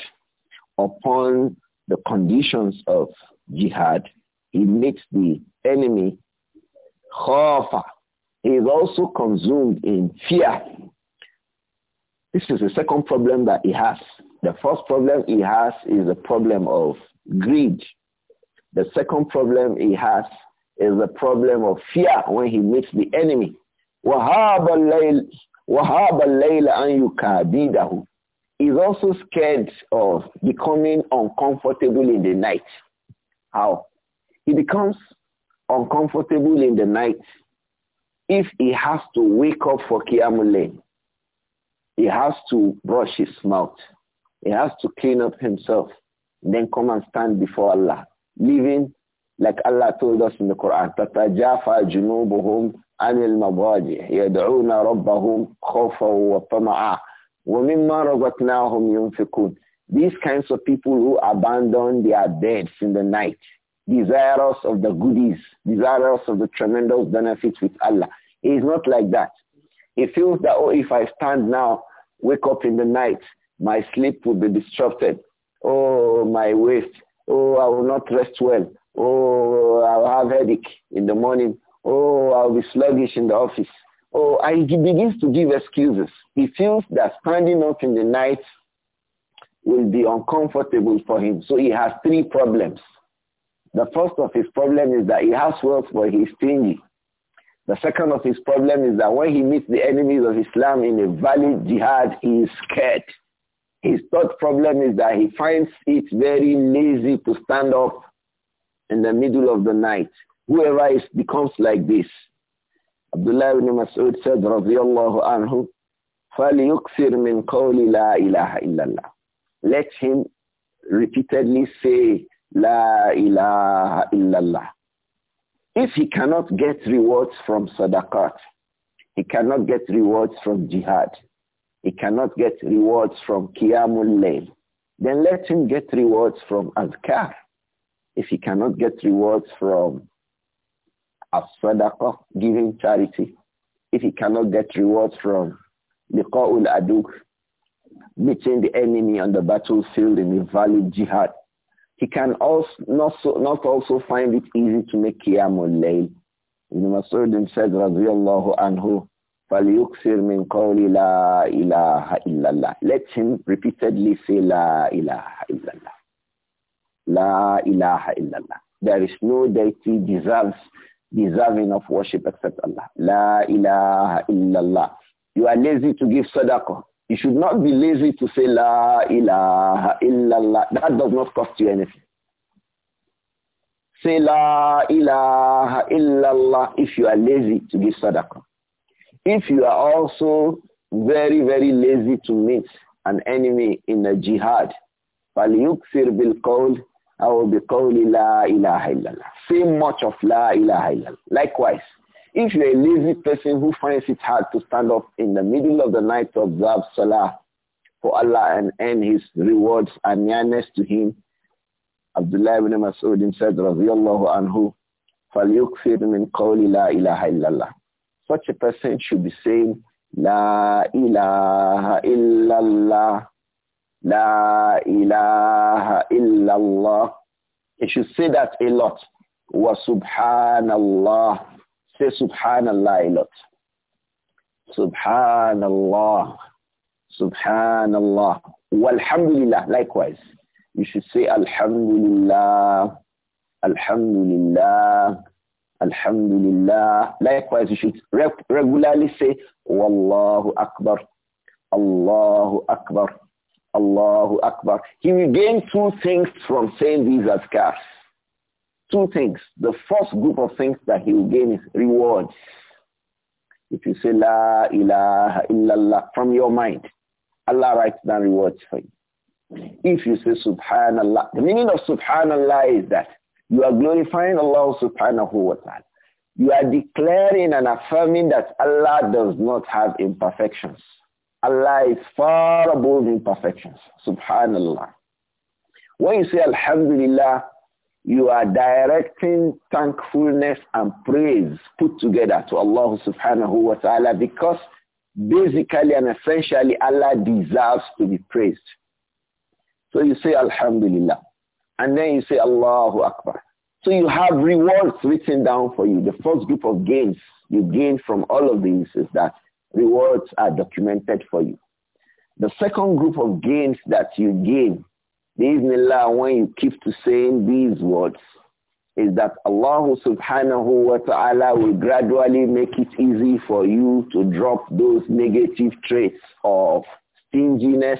upon the conditions of jihad, he makes the enemy khafa. He is also consumed in fear. This is the second problem that he has. The first problem he has is the problem of greed. The second problem he has is the problem of fear when he meets the enemy. وَهَابَ اللَّيْلَ أَنْ يُكَابِدَهُ is also scared of becoming uncomfortable in the night. How? He becomes uncomfortable in the night if he has to wake up for Kiamule. He has to brush his mouth. He has to clean up himself, then come and stand before Allah, living like Allah told us in the Quran, تَتَجَافَى anil عَنِ الْمَضَاجِعِ يَدْعُونَ رَبَّهُمْ wa وَطَمَعًا these kinds of people who abandon their beds in the night, desirous of the goodies, desirous of the tremendous benefits with Allah. it's not like that. It feels that, oh, if I stand now, wake up in the night, my sleep will be disrupted. Oh, my waist. Oh, I will not rest well. Oh, I'll have headache in the morning. Oh, I'll be sluggish in the office. Oh, and he begins to give excuses. He feels that standing up in the night will be uncomfortable for him. So he has three problems. The first of his problem is that he has wealth but he is stingy. The second of his problem is that when he meets the enemies of Islam in a valid jihad, he is scared. His third problem is that he finds it very lazy to stand up in the middle of the night. Whoever is becomes like this. Abdullah ibn Mas'ud said, radiyallahu anhu, فَلْيُكْثِرْ مِنْ قَوْلِ لَا إِلَهَ إِلَّا اللَّهِ Let him repeatedly say, La ilaha illallah. If he cannot get rewards from sadaqat, he cannot get rewards from jihad, he cannot get rewards from qiyamul layl, then let him get rewards from azkar. If he cannot get rewards from as-sadaqah, giving charity, if he cannot get rewards from liqa'ul aduk, meeting the enemy on the battlefield in the valley jihad, he can also not, so, not also find it easy to make qiyamul layl. Ibn Masud said, radiyallahu anhu, فَلْيُكْثِرْ مِنْ قَوْلِ لَا إِلَهَ إِلَّا اللَّهِ Let him repeatedly say, La ilaha illallah. La ilaha illallah. There is no deity deserves deserving of worship except Allah. La ilaha illallah. You are lazy to give sadaqah. You should not be lazy to say la ilaha illallah. That does not cost you anything. Say la ilaha illallah if you are lazy to give sadaqah. If you are also very, very lazy to meet an enemy in a jihad, فَلْيُكْثِرْ بِالْقَوْلِ أو بقول لا إله إلا الله. Say much of لا إله إلا الله. Likewise, if you're a lazy person who finds it hard to stand up in the middle of the night to observe Salah for Allah and earn his rewards and nearness to him, Abdullah ibn Mas'ud said, radiyallahu anhu, فَلْيُكْفِرْ مِنْ قَوْلِ لَا إِلَهَ إِلَّا اللَّهِ Such a person should be saying, La ilaha illallah. La ilaha illallah. You should say that a lot. Wa subhanallah. Say subhanallah a lot. Subhanallah. Subhanallah. Walhamdulillah. Likewise. You should say alhamdulillah. Alhamdulillah. Alhamdulillah. Likewise, you should re regularly say Wallahu Akbar. Allahu Akbar. Allahu Akbar. He will gain two things from saying these azkars. Two things. The first group of things that he will gain is rewards. If you say La ilaha illallah from your mind, Allah writes down rewards for you. If you say Subhanallah, the meaning of Subhanallah is that you are glorifying Allah subhanahu wa ta'ala. You are declaring and affirming that Allah does not have imperfections. Allah is far above imperfections. Subhanallah. When you say Alhamdulillah, you are directing thankfulness and praise put together to Allah subhanahu wa ta'ala because basically and essentially Allah deserves to be praised. So you say Alhamdulillah. And then you say Allahu Akbar. So you have rewards written down for you. The first group of gains you gain from all of these is that rewards are documented for you. The second group of gains that you gain, Bismillah, when you keep to saying these words, is that Allah subhanahu wa ta'ala will gradually make it easy for you to drop those negative traits of stinginess,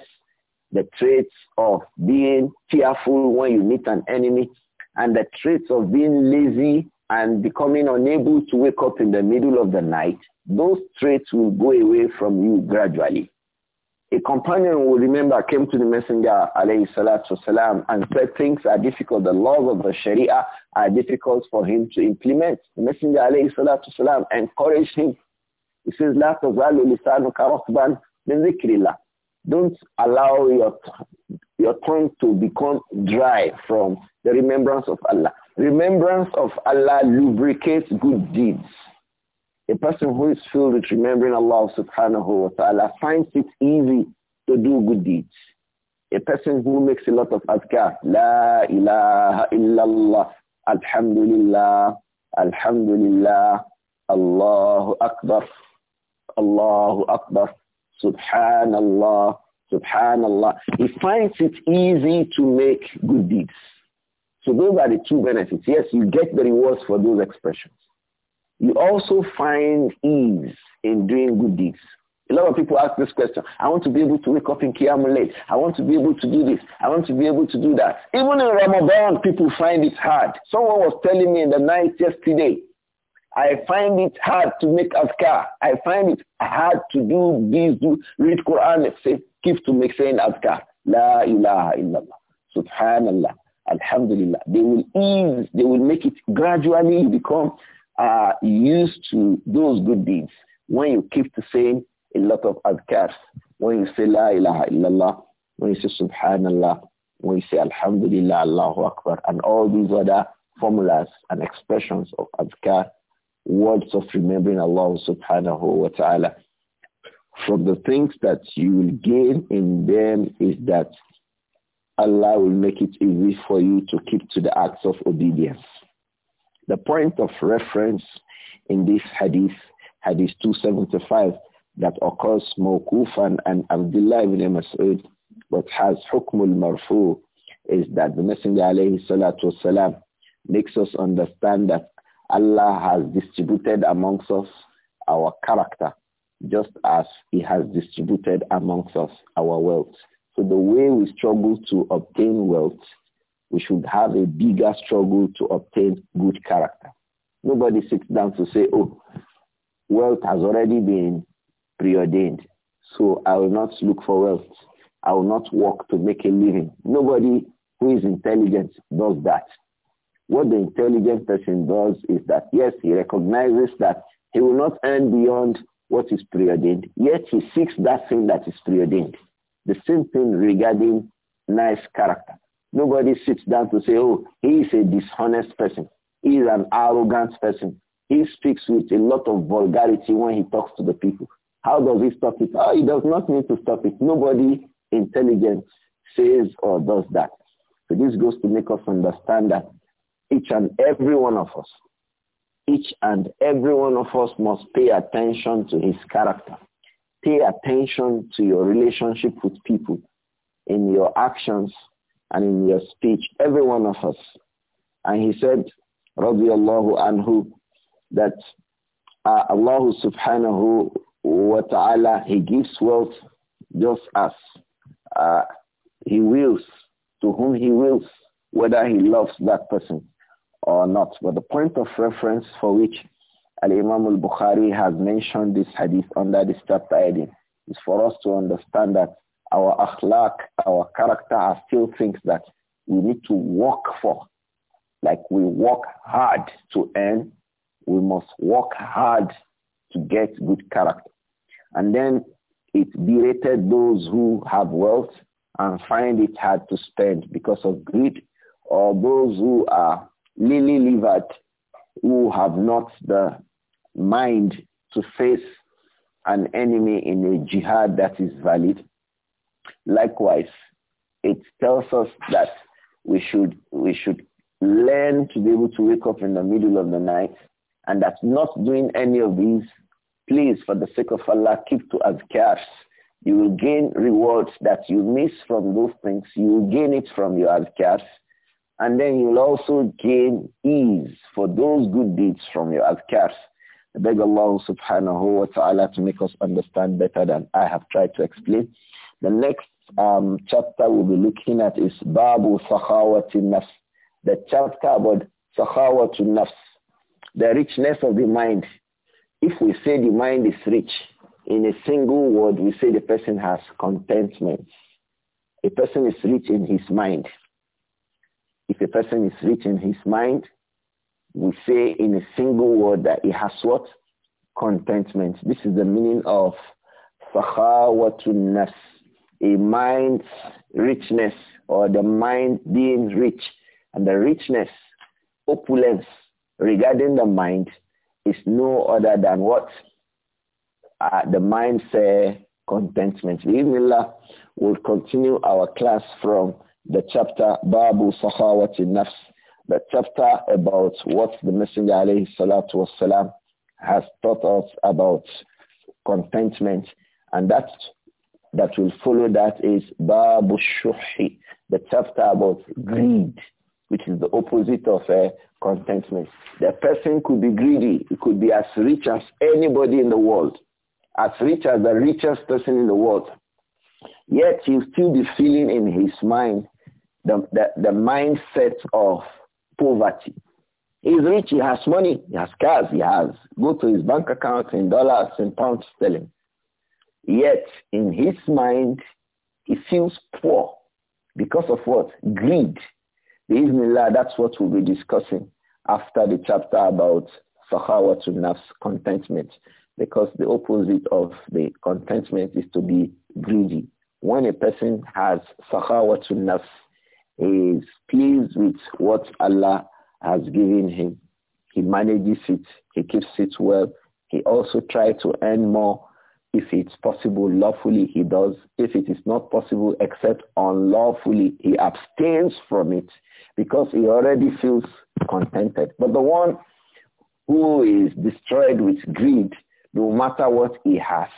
the traits of being fearful when you meet an enemy, and the traits of being lazy and becoming unable to wake up in the middle of the night those traits will go away from you gradually. A companion will remember came to the messenger alayhi salatu salam and said things are difficult. The laws of the Sharia are difficult for him to implement. The messenger alayhi salatu salam encouraged him. He says, La tazalu lisanuka rokban min zikrillah. Don't allow your, your tongue to become dry from the remembrance of Allah. Remembrance of Allah lubricates good deeds. A person who is filled with remembering Allah subhanahu wa ta'ala finds it easy to do good deeds. A person who makes a lot of adhkar, La ilaha illallah, Alhamdulillah, Alhamdulillah, Allahu Akbar, Allahu Akbar, Subhanallah, Subhanallah. He finds it easy to make good deeds. So those are the two benefits. Yes, you get the rewards for those expressions. You also find ease in doing good deeds. A lot of people ask this question. I want to be able to wake up in Qiyamul late. I want to be able to do this. I want to be able to do that. Even in Ramadan, people find it hard. Someone was telling me in the night yesterday, I find it hard to make azkar. I find it hard to do this, do, read Quran, say, keep to make saying azkar. La ilaha illallah. Subhanallah. Alhamdulillah. They will ease, they will make it gradually become are used to those good deeds when you keep to saying a lot of adkars, when you say La ilaha illallah, when you say Subhanallah, when you say Alhamdulillah, Allahu Akbar, and all these other formulas and expressions of adkar, words of remembering Allah subhanahu wa ta'ala. From the things that you will gain in them is that Allah will make it easy for you to keep to the acts of obedience. The point of reference in this hadith, hadith 275, that occurs mawkufan and Abdullah ibn Mas'ud, but has hukmul marfu, is that the Messenger alayhi salatu wasalam makes us understand that Allah has distributed amongst us our character, just as he has distributed amongst us our wealth. So the way we struggle to obtain wealth we should have a bigger struggle to obtain good character. Nobody sits down to say, oh, wealth has already been preordained, so I will not look for wealth. I will not work to make a living. Nobody who is intelligent does that. What the intelligent person does is that, yes, he recognizes that he will not earn beyond what is preordained, yet he seeks that thing that is preordained. The same thing regarding nice character Nobody sits down to say, oh, he is a dishonest person. He is an arrogant person. He speaks with a lot of vulgarity when he talks to the people. How does he stop it? Oh, he does not need to stop it. Nobody intelligent says or does that. So this goes to make us understand that each and every one of us, each and every one of us must pay attention to his character. Pay attention to your relationship with people in your actions and in your speech, every one of us. And he said, radiallahu anhu, that uh, Allah subhanahu wa ta'ala, he gives wealth just as uh, he wills, to whom he wills, whether he loves that person or not. But the point of reference for which Al-Imam al-Bukhari has mentioned this hadith under this chapter heading is for us to understand that our akhlaq, our character are still things that we need to work for. Like we work hard to earn, we must work hard to get good character. And then it berated those who have wealth and find it hard to spend because of greed or those who are lily livered who have not the mind to face an enemy in a jihad that is valid Likewise, it tells us that we should, we should learn to be able to wake up in the middle of the night and that not doing any of these, please, for the sake of Allah, keep to azkars. You will gain rewards that you miss from those things. You will gain it from your azkars. And then you will also gain ease for those good deeds from your azkars. I beg Allah subhanahu wa ta'ala to make us understand better than I have tried to explain. The next um, chapter we'll be looking at is Babu Sakhawatin Nafs. The chapter about Sakhawatun Nafs, the richness of the mind. If we say the mind is rich, in a single word, we say the person has contentment. A person is rich in his mind. If a person is rich in his mind, we say in a single word that he has what? Contentment. This is the meaning of Sakhawatun Nafs a mind's richness or the mind being rich. And the richness, opulence regarding the mind is no other than what? Uh, the mind say contentment. we'll continue our class from the chapter Babu Sahawati Nafs, the chapter about what the Messenger alayhi salatu wasalam has taught us about contentment. And that that will follow that is Babu Shuhi, the chapter about greed, which is the opposite of uh, contentment. The person could be greedy. He could be as rich as anybody in the world, as rich as the richest person in the world. Yet he'll still be feeling in his mind the, the, the mindset of poverty. He's rich, he has money, he has cars, he has, go to his bank account in dollars, in pounds sterling. Yet in his mind, he feels poor because of what? Greed. Bismillah, that's what we'll be discussing after the chapter about to Nafs, contentment. Because the opposite of the contentment is to be greedy. When a person has to Nafs, he is pleased with what Allah has given him. He manages it. He keeps it well. He also tries to earn more if it's possible lawfully, he does. If it is not possible except unlawfully, he abstains from it because he already feels contented. But the one who is destroyed with greed, no matter what he has,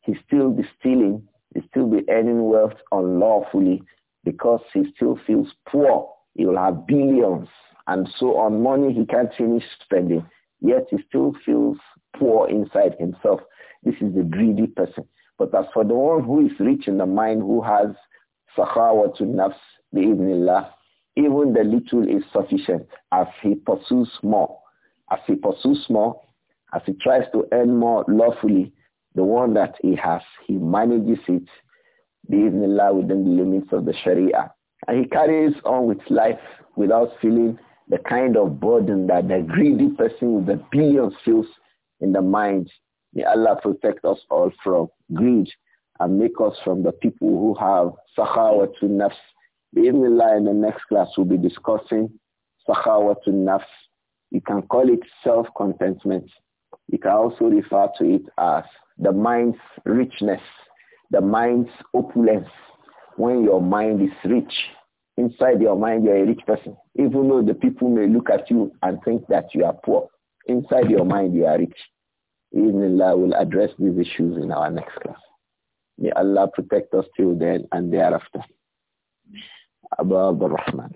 he still be stealing, he still be earning wealth unlawfully because he still feels poor. He will have billions and so on money he can't finish spending, yet he still feels poor inside himself this is the greedy person. But as for the one who is rich in the mind, who has to nafs, bi'idnillah, even the little is sufficient as he pursues more. As he pursues more, as he tries to earn more lawfully, the one that he has, he manages it, bi'idnillah, within the limits of the sharia. And he carries on with life without feeling the kind of burden that the greedy person with the billions feels in the mind May Allah protect us all from greed and make us from the people who have sakhawatun nafs. Bismillah, in the next class we'll be discussing sakhawatun nafs. You can call it self-contentment. You can also refer to it as the mind's richness, the mind's opulence. When your mind is rich, inside your mind you're a rich person. Even though the people may look at you and think that you are poor, inside your mind you are rich. We will address these issues in our next class. May Allah protect us till then and thereafter. Abu Abdul Rahman.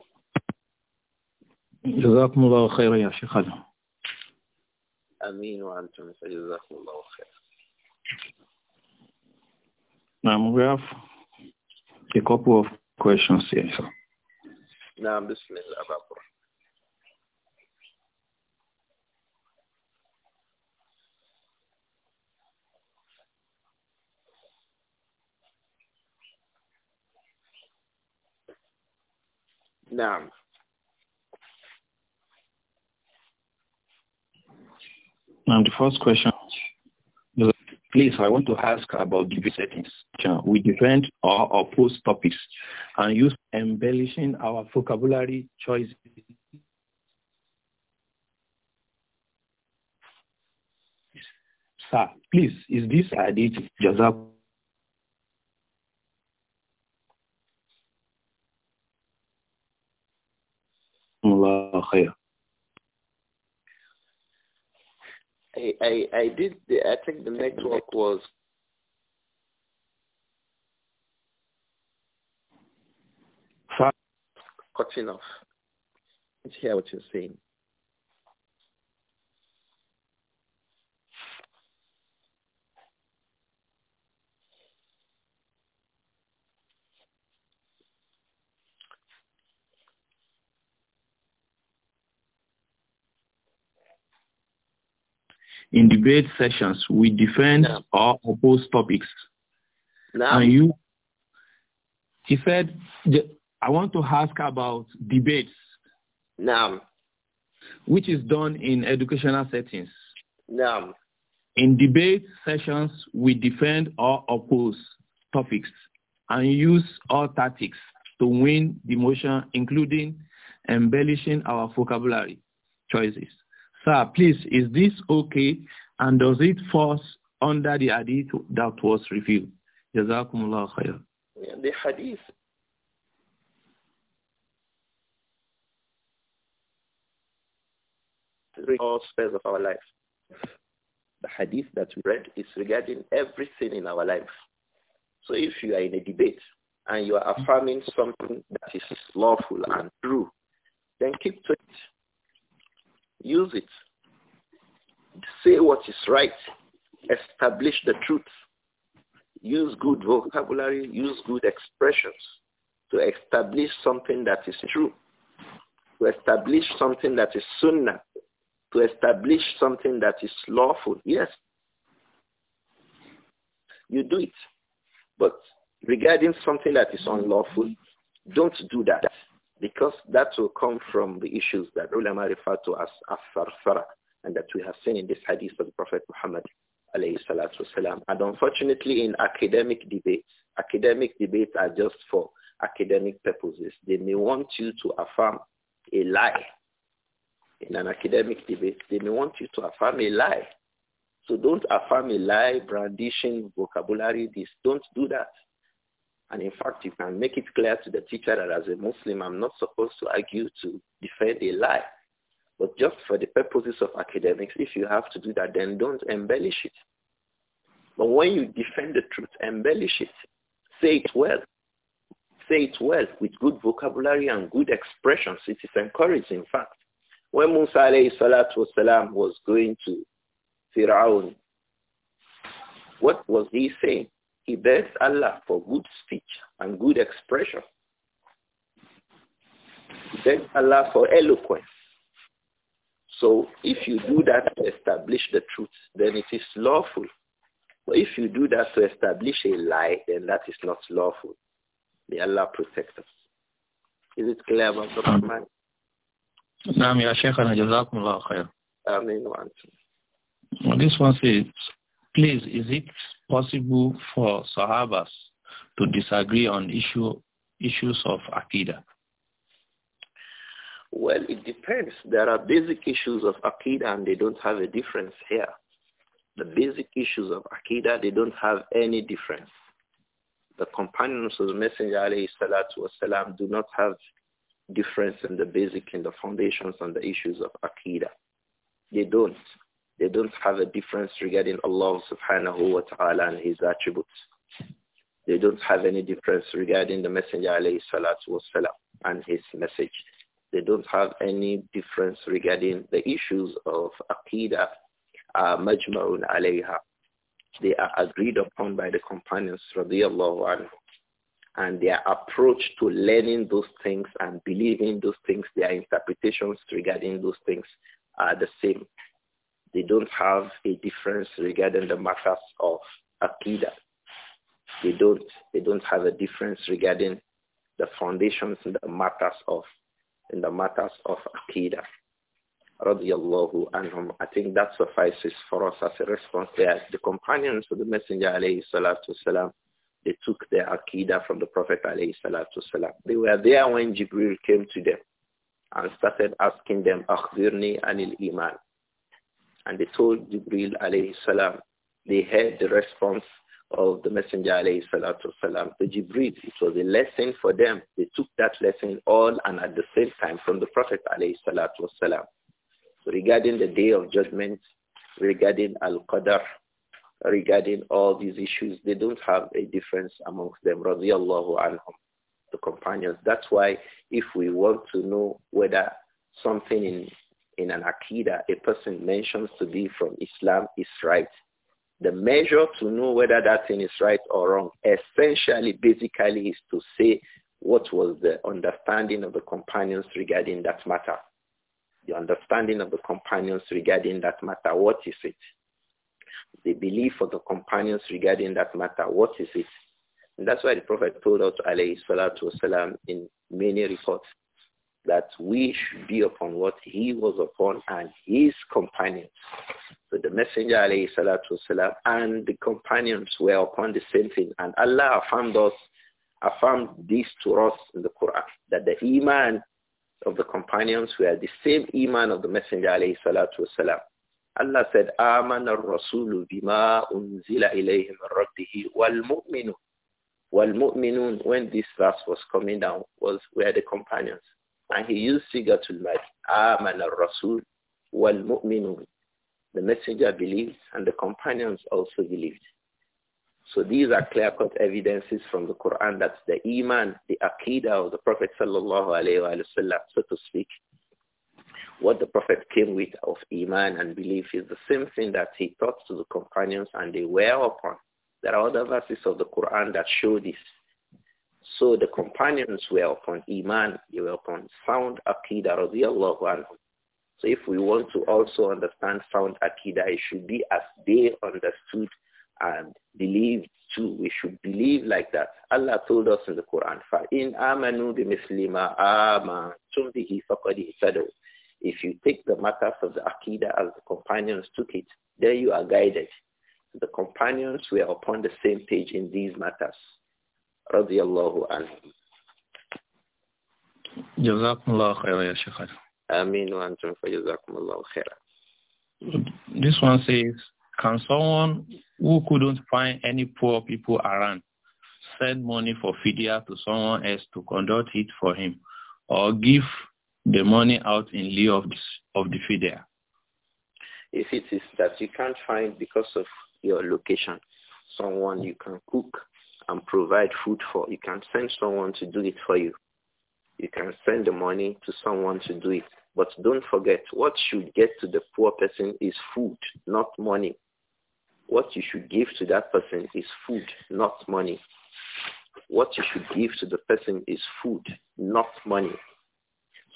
جزاكم الله خيرا يا شيخنا. آمين وأنتم جزاكم الله خيرا. Now we have a couple of questions here. Now, Bismillah. Now, Now, the first question, please, I want to ask about debate settings. We defend or oppose topics and use embellishing our vocabulary choices. Sir, please, is this hadith Jazak khair. I, I, I did, the, I think the network was cutting off. Let's hear what you're saying. In debate sessions, we defend no. or oppose topics. Now, And you, he said, I want to ask about debates. now, Which is done in educational settings. Now, In debate sessions, we defend or oppose topics and use all tactics to win the motion, including embellishing our vocabulary choices. Sir, please, is this okay? And does it fall under the hadith that was revealed? Jazakumullah khair. The hadith all spheres of our life. The hadith that we read is regarding everything in our life. So if you are in a debate and you are affirming something that is lawful and true, then keep to it. Use it. Say what is right. Establish the truth. Use good vocabulary. Use good expressions to establish something that is true. To establish something that is sunnah. To establish something that is lawful. Yes. You do it. But regarding something that is unlawful, don't do that. Because that will come from the issues that ulama refer to as as and that we have seen in this hadith of the Prophet Muhammad And unfortunately, in academic debates, academic debates are just for academic purposes. They may want you to affirm a lie. In an academic debate, they may want you to affirm a lie. So don't affirm a lie, brandishing vocabulary. This don't do that. And in fact, you can make it clear to the teacher that as a Muslim, I'm not supposed to argue to defend a lie. But just for the purposes of academics, if you have to do that, then don't embellish it. But when you defend the truth, embellish it. Say it well. Say it well with good vocabulary and good expressions. It is encouraged, in fact. When Musa alayhi wasalam was going to Fir'aun, what was he saying? He begs Allah for good speech and good expression. He begs Allah for eloquence. So if you do that to establish the truth, then it is lawful. But if you do that to establish a lie, then that is not lawful. May Allah protect us. Is it clear, Mr. Um, Rahman? نعم يا شيخنا جزاكم الله خير. آمين وأنتم. This one says, please, is it possible for Sahabas to disagree on issue, issues of Akida. Well, it depends. There are basic issues of Akida, and they don't have a difference here. The basic issues of Akida, they don't have any difference. The companions of the Messenger والسلام, do not have difference in the basic, in the foundations and the issues of Akida. They don't. They don't have a difference regarding Allah subhanahu wa ta'ala and his attributes. They don't have any difference regarding the Messenger alayhi salatu wasalam and his message. They don't have any difference regarding the issues of aqidah, uh, majma'un alayha. They are agreed upon by the companions radiallahu anhu and their approach to learning those things and believing those things, their interpretations regarding those things are the same. They don't have a difference regarding the matters of akida. They don't, they don't have a difference regarding the foundations in the matters of, in the matters of akida. Radiallahu anhum. I think that suffices for us as a response there. The companions of the Messenger alayhi salatu salam, they took their akida from the Prophet alayhi salatu salam. They were there when Jibril came to them and started asking them, Akhbirni anil iman. And they told Jibril alayhi salam, they heard the response of the Messenger alayhi salatu salam to Jibril. It was a lesson for them. They took that lesson all and at the same time from the Prophet alayhi salatu salam. So regarding the day of judgment, regarding al-qadr, regarding all these issues, they don't have a difference amongst them, radiallahu anhum, the companions. That's why if we want to know whether something in in an akida a person mentions to be from Islam is right, the measure to know whether that thing is right or wrong essentially, basically, is to say what was the understanding of the companions regarding that matter. The understanding of the companions regarding that matter, what is it? The belief of the companions regarding that matter, what is it? And that's why the Prophet told us, alayhi salatu wasalam, in many reports, that we should be upon what he was upon and his companions. So the Messenger alayhi and the companions were upon the same thing. And Allah affirmed us, affirmed this to us in the Quran, that the Iman of the companions were the same Iman of the Messenger alayhi Allah said, آمن الرسول بما أنزل إليه من ربه والمؤمنون. والمؤمنون, when this verse was coming down, was were the companions. And he used Sigatul like Aman al-Rasul wal-Mu'minun. The messenger believes and the companions also believed. So these are clear-cut evidences from the Quran that the Iman, the Aqidah of the Prophet sallallahu alayhi so to speak, what the Prophet came with of Iman and belief is the same thing that he taught to the companions and they were upon. There are other verses of the Quran that show this. So the companions were upon Iman, they were upon sound Aqidah radiallahu anhu. So if we want to also understand sound Aqidah, it should be as they understood and believed too. We should believe like that. Allah told us in the Quran, فَإِنْ آمَنُوا بِمِثْلِ مَا آمَنْتُمْ بِهِ فَقَدْ اهْتَدَوْا If you take the matters of the Aqidah as the companions took it, then you are guided. The companions were upon the same page in these matters. رضي الله عنه جزاكم الله خيرا يا شيخ آمين وأنتم فجزاكم الله خيرا This one says, can someone who couldn't find any poor people around send money for fidya to someone else to conduct it for him or give the money out in lieu of, this, of the fidya? If it is that you can't find because of your location, someone you can cook and provide food for. You can send someone to do it for you. You can send the money to someone to do it. But don't forget, what should get to the poor person is food, not money. What you should give to that person is food, not money. What you should give to the person is food, not money.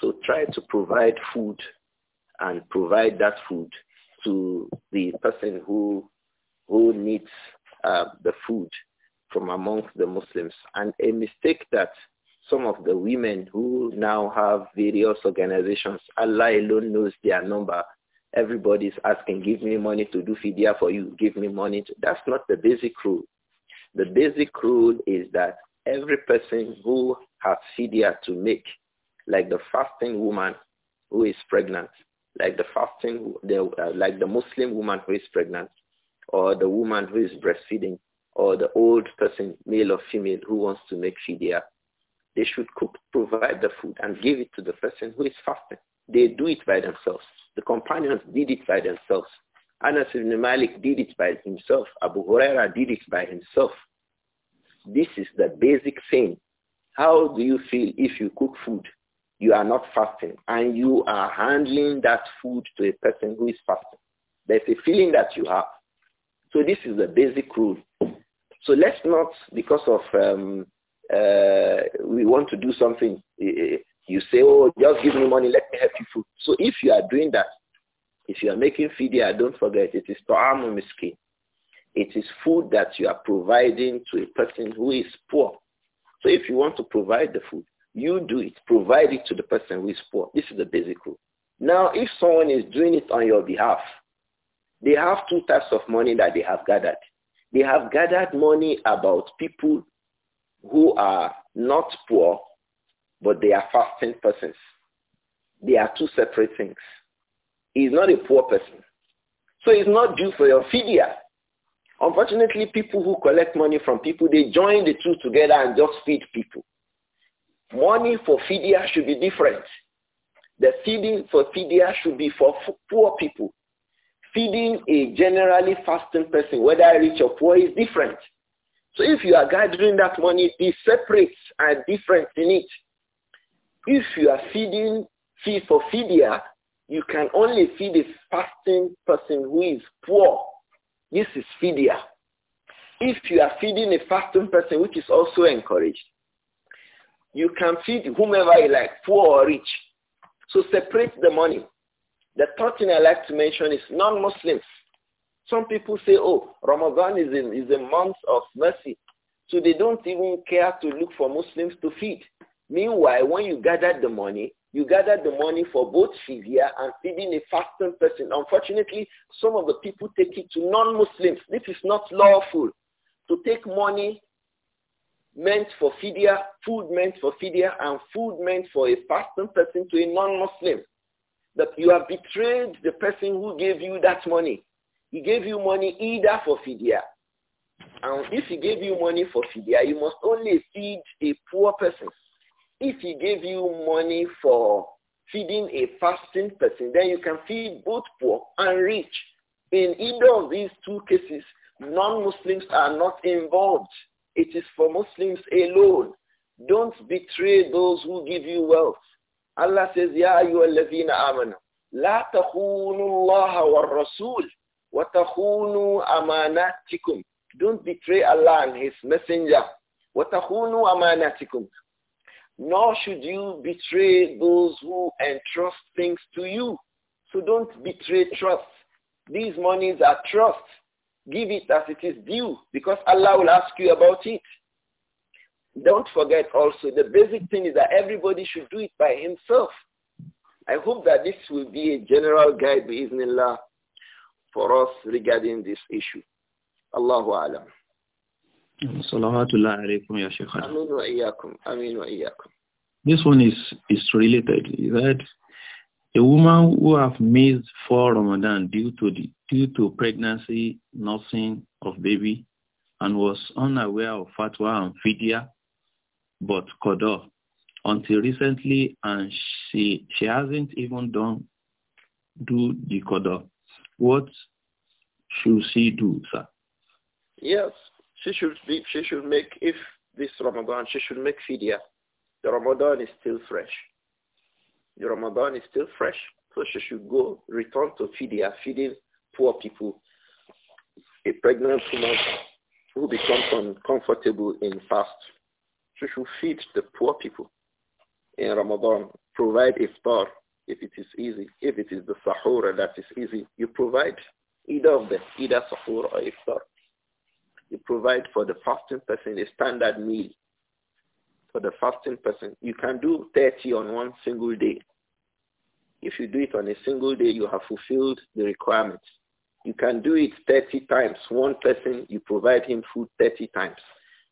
So try to provide food and provide that food to the person who who needs uh, the food from amongst the Muslims and a mistake that some of the women who now have various organizations, Allah alone knows their number. Everybody's asking, give me money to do fidya for you, give me money. To... That's not the basic rule. The basic rule is that every person who has fidya to make, like the fasting woman who is pregnant, like the fasting, the, uh, like the Muslim woman who is pregnant, or the woman who is breastfeeding, or the old person, male or female, who wants to make fidya, they should cook, provide the food, and give it to the person who is fasting. They do it by themselves. The companions did it by themselves. Anas ibn Malik did it by himself. Abu Huraira did it by himself. This is the basic thing. How do you feel if you cook food, you are not fasting, and you are handling that food to a person who is fasting? There's a feeling that you have. So this is the basic rule. So let's not, because of um, uh, we want to do something, eh, eh, you say, oh, just give me money, let me help you food. So if you are doing that, if you are making fidya, don't forget, it is ta'amu miskin. It is food that you are providing to a person who is poor. So if you want to provide the food, you do it. Provide it to the person who is poor. This is the basic rule. Now, if someone is doing it on your behalf, they have two types of money that they have gathered. They have gathered money about people who are not poor, but they are fasting persons. They are two separate things. He's not a poor person. So it's not due for your fidya. Unfortunately, people who collect money from people, they join the two together and just feed people. Money for fidya should be different. The feeding for fidya should be for poor people feeding a generally fasting person, whether rich or poor, is different. So if you are gathering that money, be separate and different in it. If you are feeding feed for fidya, you can only feed a fasting person who is poor. This is fidya. If you are feeding a fasting person, which is also encouraged, you can feed whomever you like, poor or rich. So separate the money. The third thing I like to mention is non-Muslims. Some people say, oh, Ramadan is a, is a month of mercy. So they don't even care to look for Muslims to feed. Meanwhile, when you gather the money, you gather the money for both fidya and feeding a fasting person. Unfortunately, some of the people take it to non-Muslims. This is not lawful. To take money meant for fidya, food meant for fidya, and food meant for a fasting person to a non-Muslim that you have betrayed the person who gave you that money. He gave you money either for fidya. And if he gave you money for fidya, you must only feed a poor person. If he gave you money for feeding a fasting person, then you can feed both poor and rich. In either of these two cases, non-Muslims are not involved. It is for Muslims alone. Don't betray those who give you wealth. Allah says, Ya ayyuhalladhina amanu, la takhunu Allah wa rasul wa takhunu amanatikum. Don't betray Allah and his messenger. Wa takhunu amanatikum. Nor should you betray those who entrust things to you. So don't betray trust. These monies are trust. Give it as it is due because Allah will ask you about it. Don't forget also, the basic thing is that everybody should do it by himself. I hope that this will be a general guide, bi'ithnillah, for us regarding this issue. Allahu alam. ya This one is, is related. Is that a woman who have missed four Ramadan due to the, due to pregnancy, nursing of baby, and was unaware of fatwa and fidya but Qadar until recently and she she hasn't even done do the Qadar. What should she do, sir? Yes, she should be, she should make if this Ramadan she should make fidya. The Ramadan is still fresh. The Ramadan is still fresh, so she should go return to fidya, feeding poor people, a pregnant woman who becomes uncomfortable in fast we should feed the poor people in Ramadan. Provide iftar if it is easy. If it is the sahur that is easy, you provide either of them, either sahur or iftar. You provide for the fasting person a standard meal. For the fasting person, you can do 30 on one single day. If you do it on a single day, you have fulfilled the requirements. You can do it 30 times. One person, you provide him food 30 times.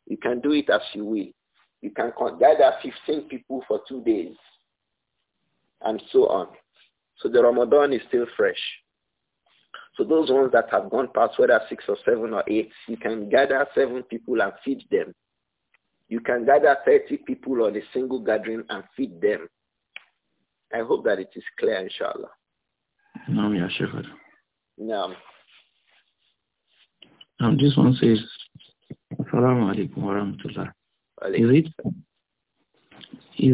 You can do it as you will. You can gather 15 people for two days and so on. So the Ramadan is still fresh. So those ones that have gone past, whether six or seven or eight, you can gather seven people and feed them. You can gather 30 people on a single gathering and feed them. I hope that it is clear, inshallah. No, yeah, sure. No. Um, this one says, Assalamu alaikum wa rahmatullah. Is it, is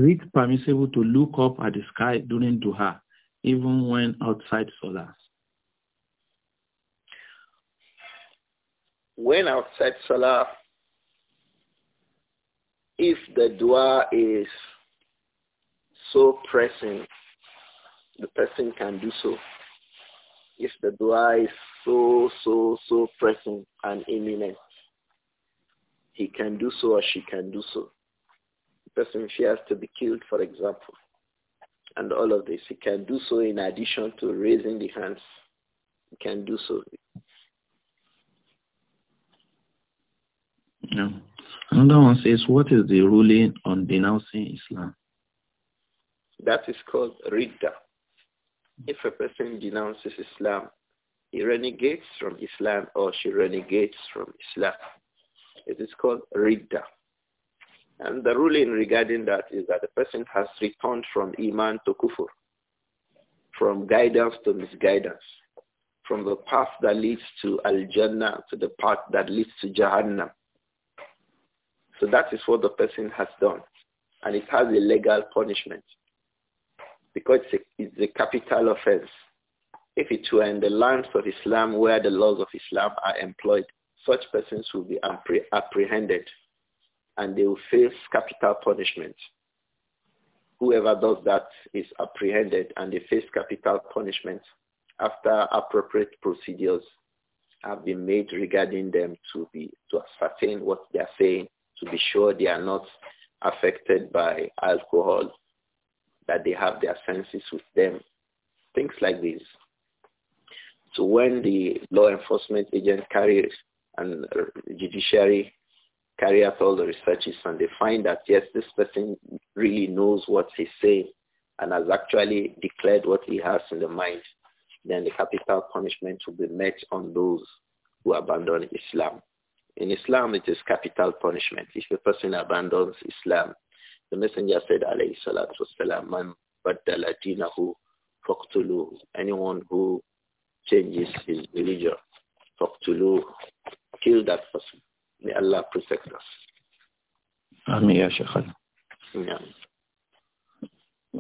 it permissible to look up at the sky during duha, even when outside solar? When outside solar, if the dua is so pressing, the person can do so. If the dua is so, so, so pressing and imminent, he can do so or she can do so. The person fears to be killed, for example, and all of this. He can do so in addition to raising the hands. He can do so. Yeah. Another one says, what is the ruling on denouncing Islam? That is called Ridda. If a person denounces Islam, he renegates from Islam or she renegates from Islam. It is called Ridda. And the ruling regarding that is that the person has returned from Iman to Kufur, from guidance to misguidance, from the path that leads to Al-Jannah to the path that leads to Jahannam. So that is what the person has done. And it has a legal punishment because it's a, it's a capital offense. If it were in the lands of Islam where the laws of Islam are employed, such persons will be apprehended and they will face capital punishment. Whoever does that is apprehended and they face capital punishment after appropriate procedures have been made regarding them to be to ascertain what they are saying, to be sure they are not affected by alcohol, that they have their senses with them, things like this. So when the law enforcement agent carries and judiciary carry out all the researches and they find that yes, this person really knows what he's saying and has actually declared what he has in the mind, then the capital punishment will be met on those who abandon Islam. In Islam, it is capital punishment. If a person abandons Islam, the messenger said, alayhi salatu wasalam, man baddala dinahu Anyone who changes his religion, faqtuluhu, kill that person. May Allah protect us. Ameen, Ya Sheikh.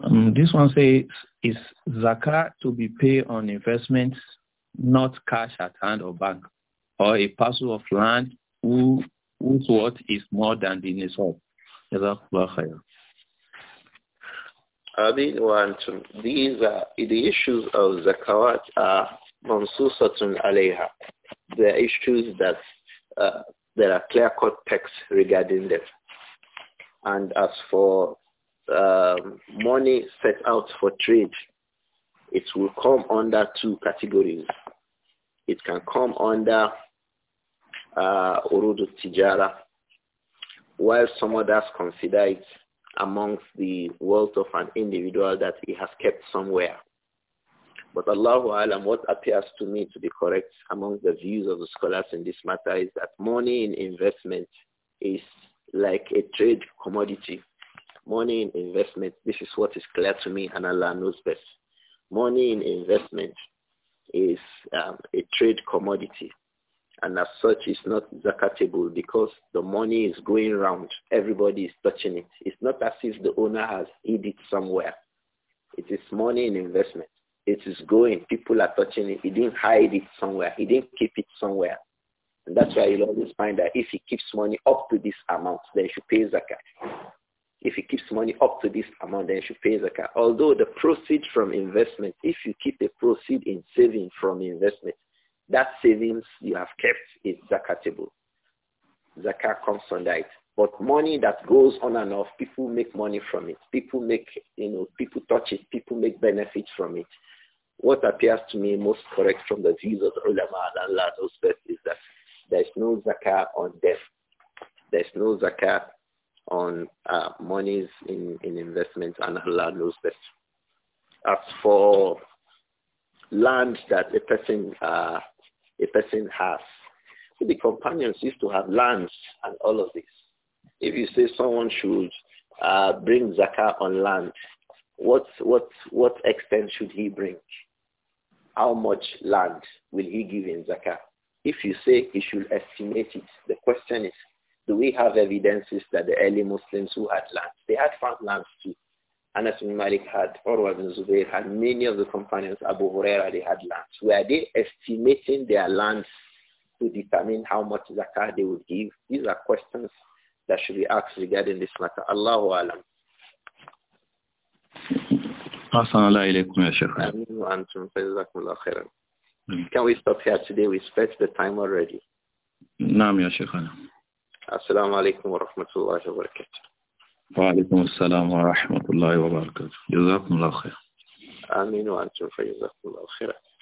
Um, this one says, is zakat to be paid on investments, not cash at hand or bank, or a parcel of land who, whose worth is more than the nisab? Jazakallah khair. Abid Wantum. These are the issues of zakat are mansusatun aleha there are issues that uh, there are clear-cut texts regarding them. And as for um, money set out for trade, it will come under two categories. It can come under uh, Urudu Tijara, while some others consider it amongst the wealth of an individual that he has kept somewhere. But Allahu Alam, what appears to me to be correct among the views of the scholars in this matter is that money in investment is like a trade commodity. Money in investment, this is what is clear to me and Allah knows best. Money in investment is um, a trade commodity and as such is not zakatable because the money is going round. Everybody is touching it. It's not as if the owner has hid it somewhere. It is money in investment. It is going. People are touching it. He didn't hide it somewhere. He didn't keep it somewhere. And that's why you'll always find that if he keeps money up to this amount, then he should pay zakat. If he keeps money up to this amount, then he should pay zakat. Although the proceeds from investment, if you keep the proceed in saving from investment, that savings you have kept is zakatable. Zakat comes on that. But money that goes on and off, people make money from it. People make, you know, people touch it. People make benefits from it. What appears to me most correct from the views of the ulama and Allah knows is that there is no zakah on death. There is no zakah on uh, monies in, in investments and Allah knows best. As for land that a person uh, a person has, so the companions used to have lands and all of this. If you say someone should uh, bring zakah on land, what what what extent should he bring? how much land will he give in zakah? If you say he should estimate it, the question is, do we have evidences that the early Muslims who had land, they had lands too. Anas bin Malik had, Urwa bin Zubayr had, many of the companions, Abu Huraira, they had lands. Were they estimating their lands to determine how much zakah they would give? These are questions that should be asked regarding this matter. Allahu Alam. أحسن الله إليكم يا شيخ وأنتم فجزاكم الله خيرا Can we stop here today? We stretched the time already. نعم يا شيخنا السلام عليكم ورحمة الله وبركاته وعليكم السلام ورحمة الله وبركاته جزاكم الله خير آمين وأنتم فجزاكم الله خيرا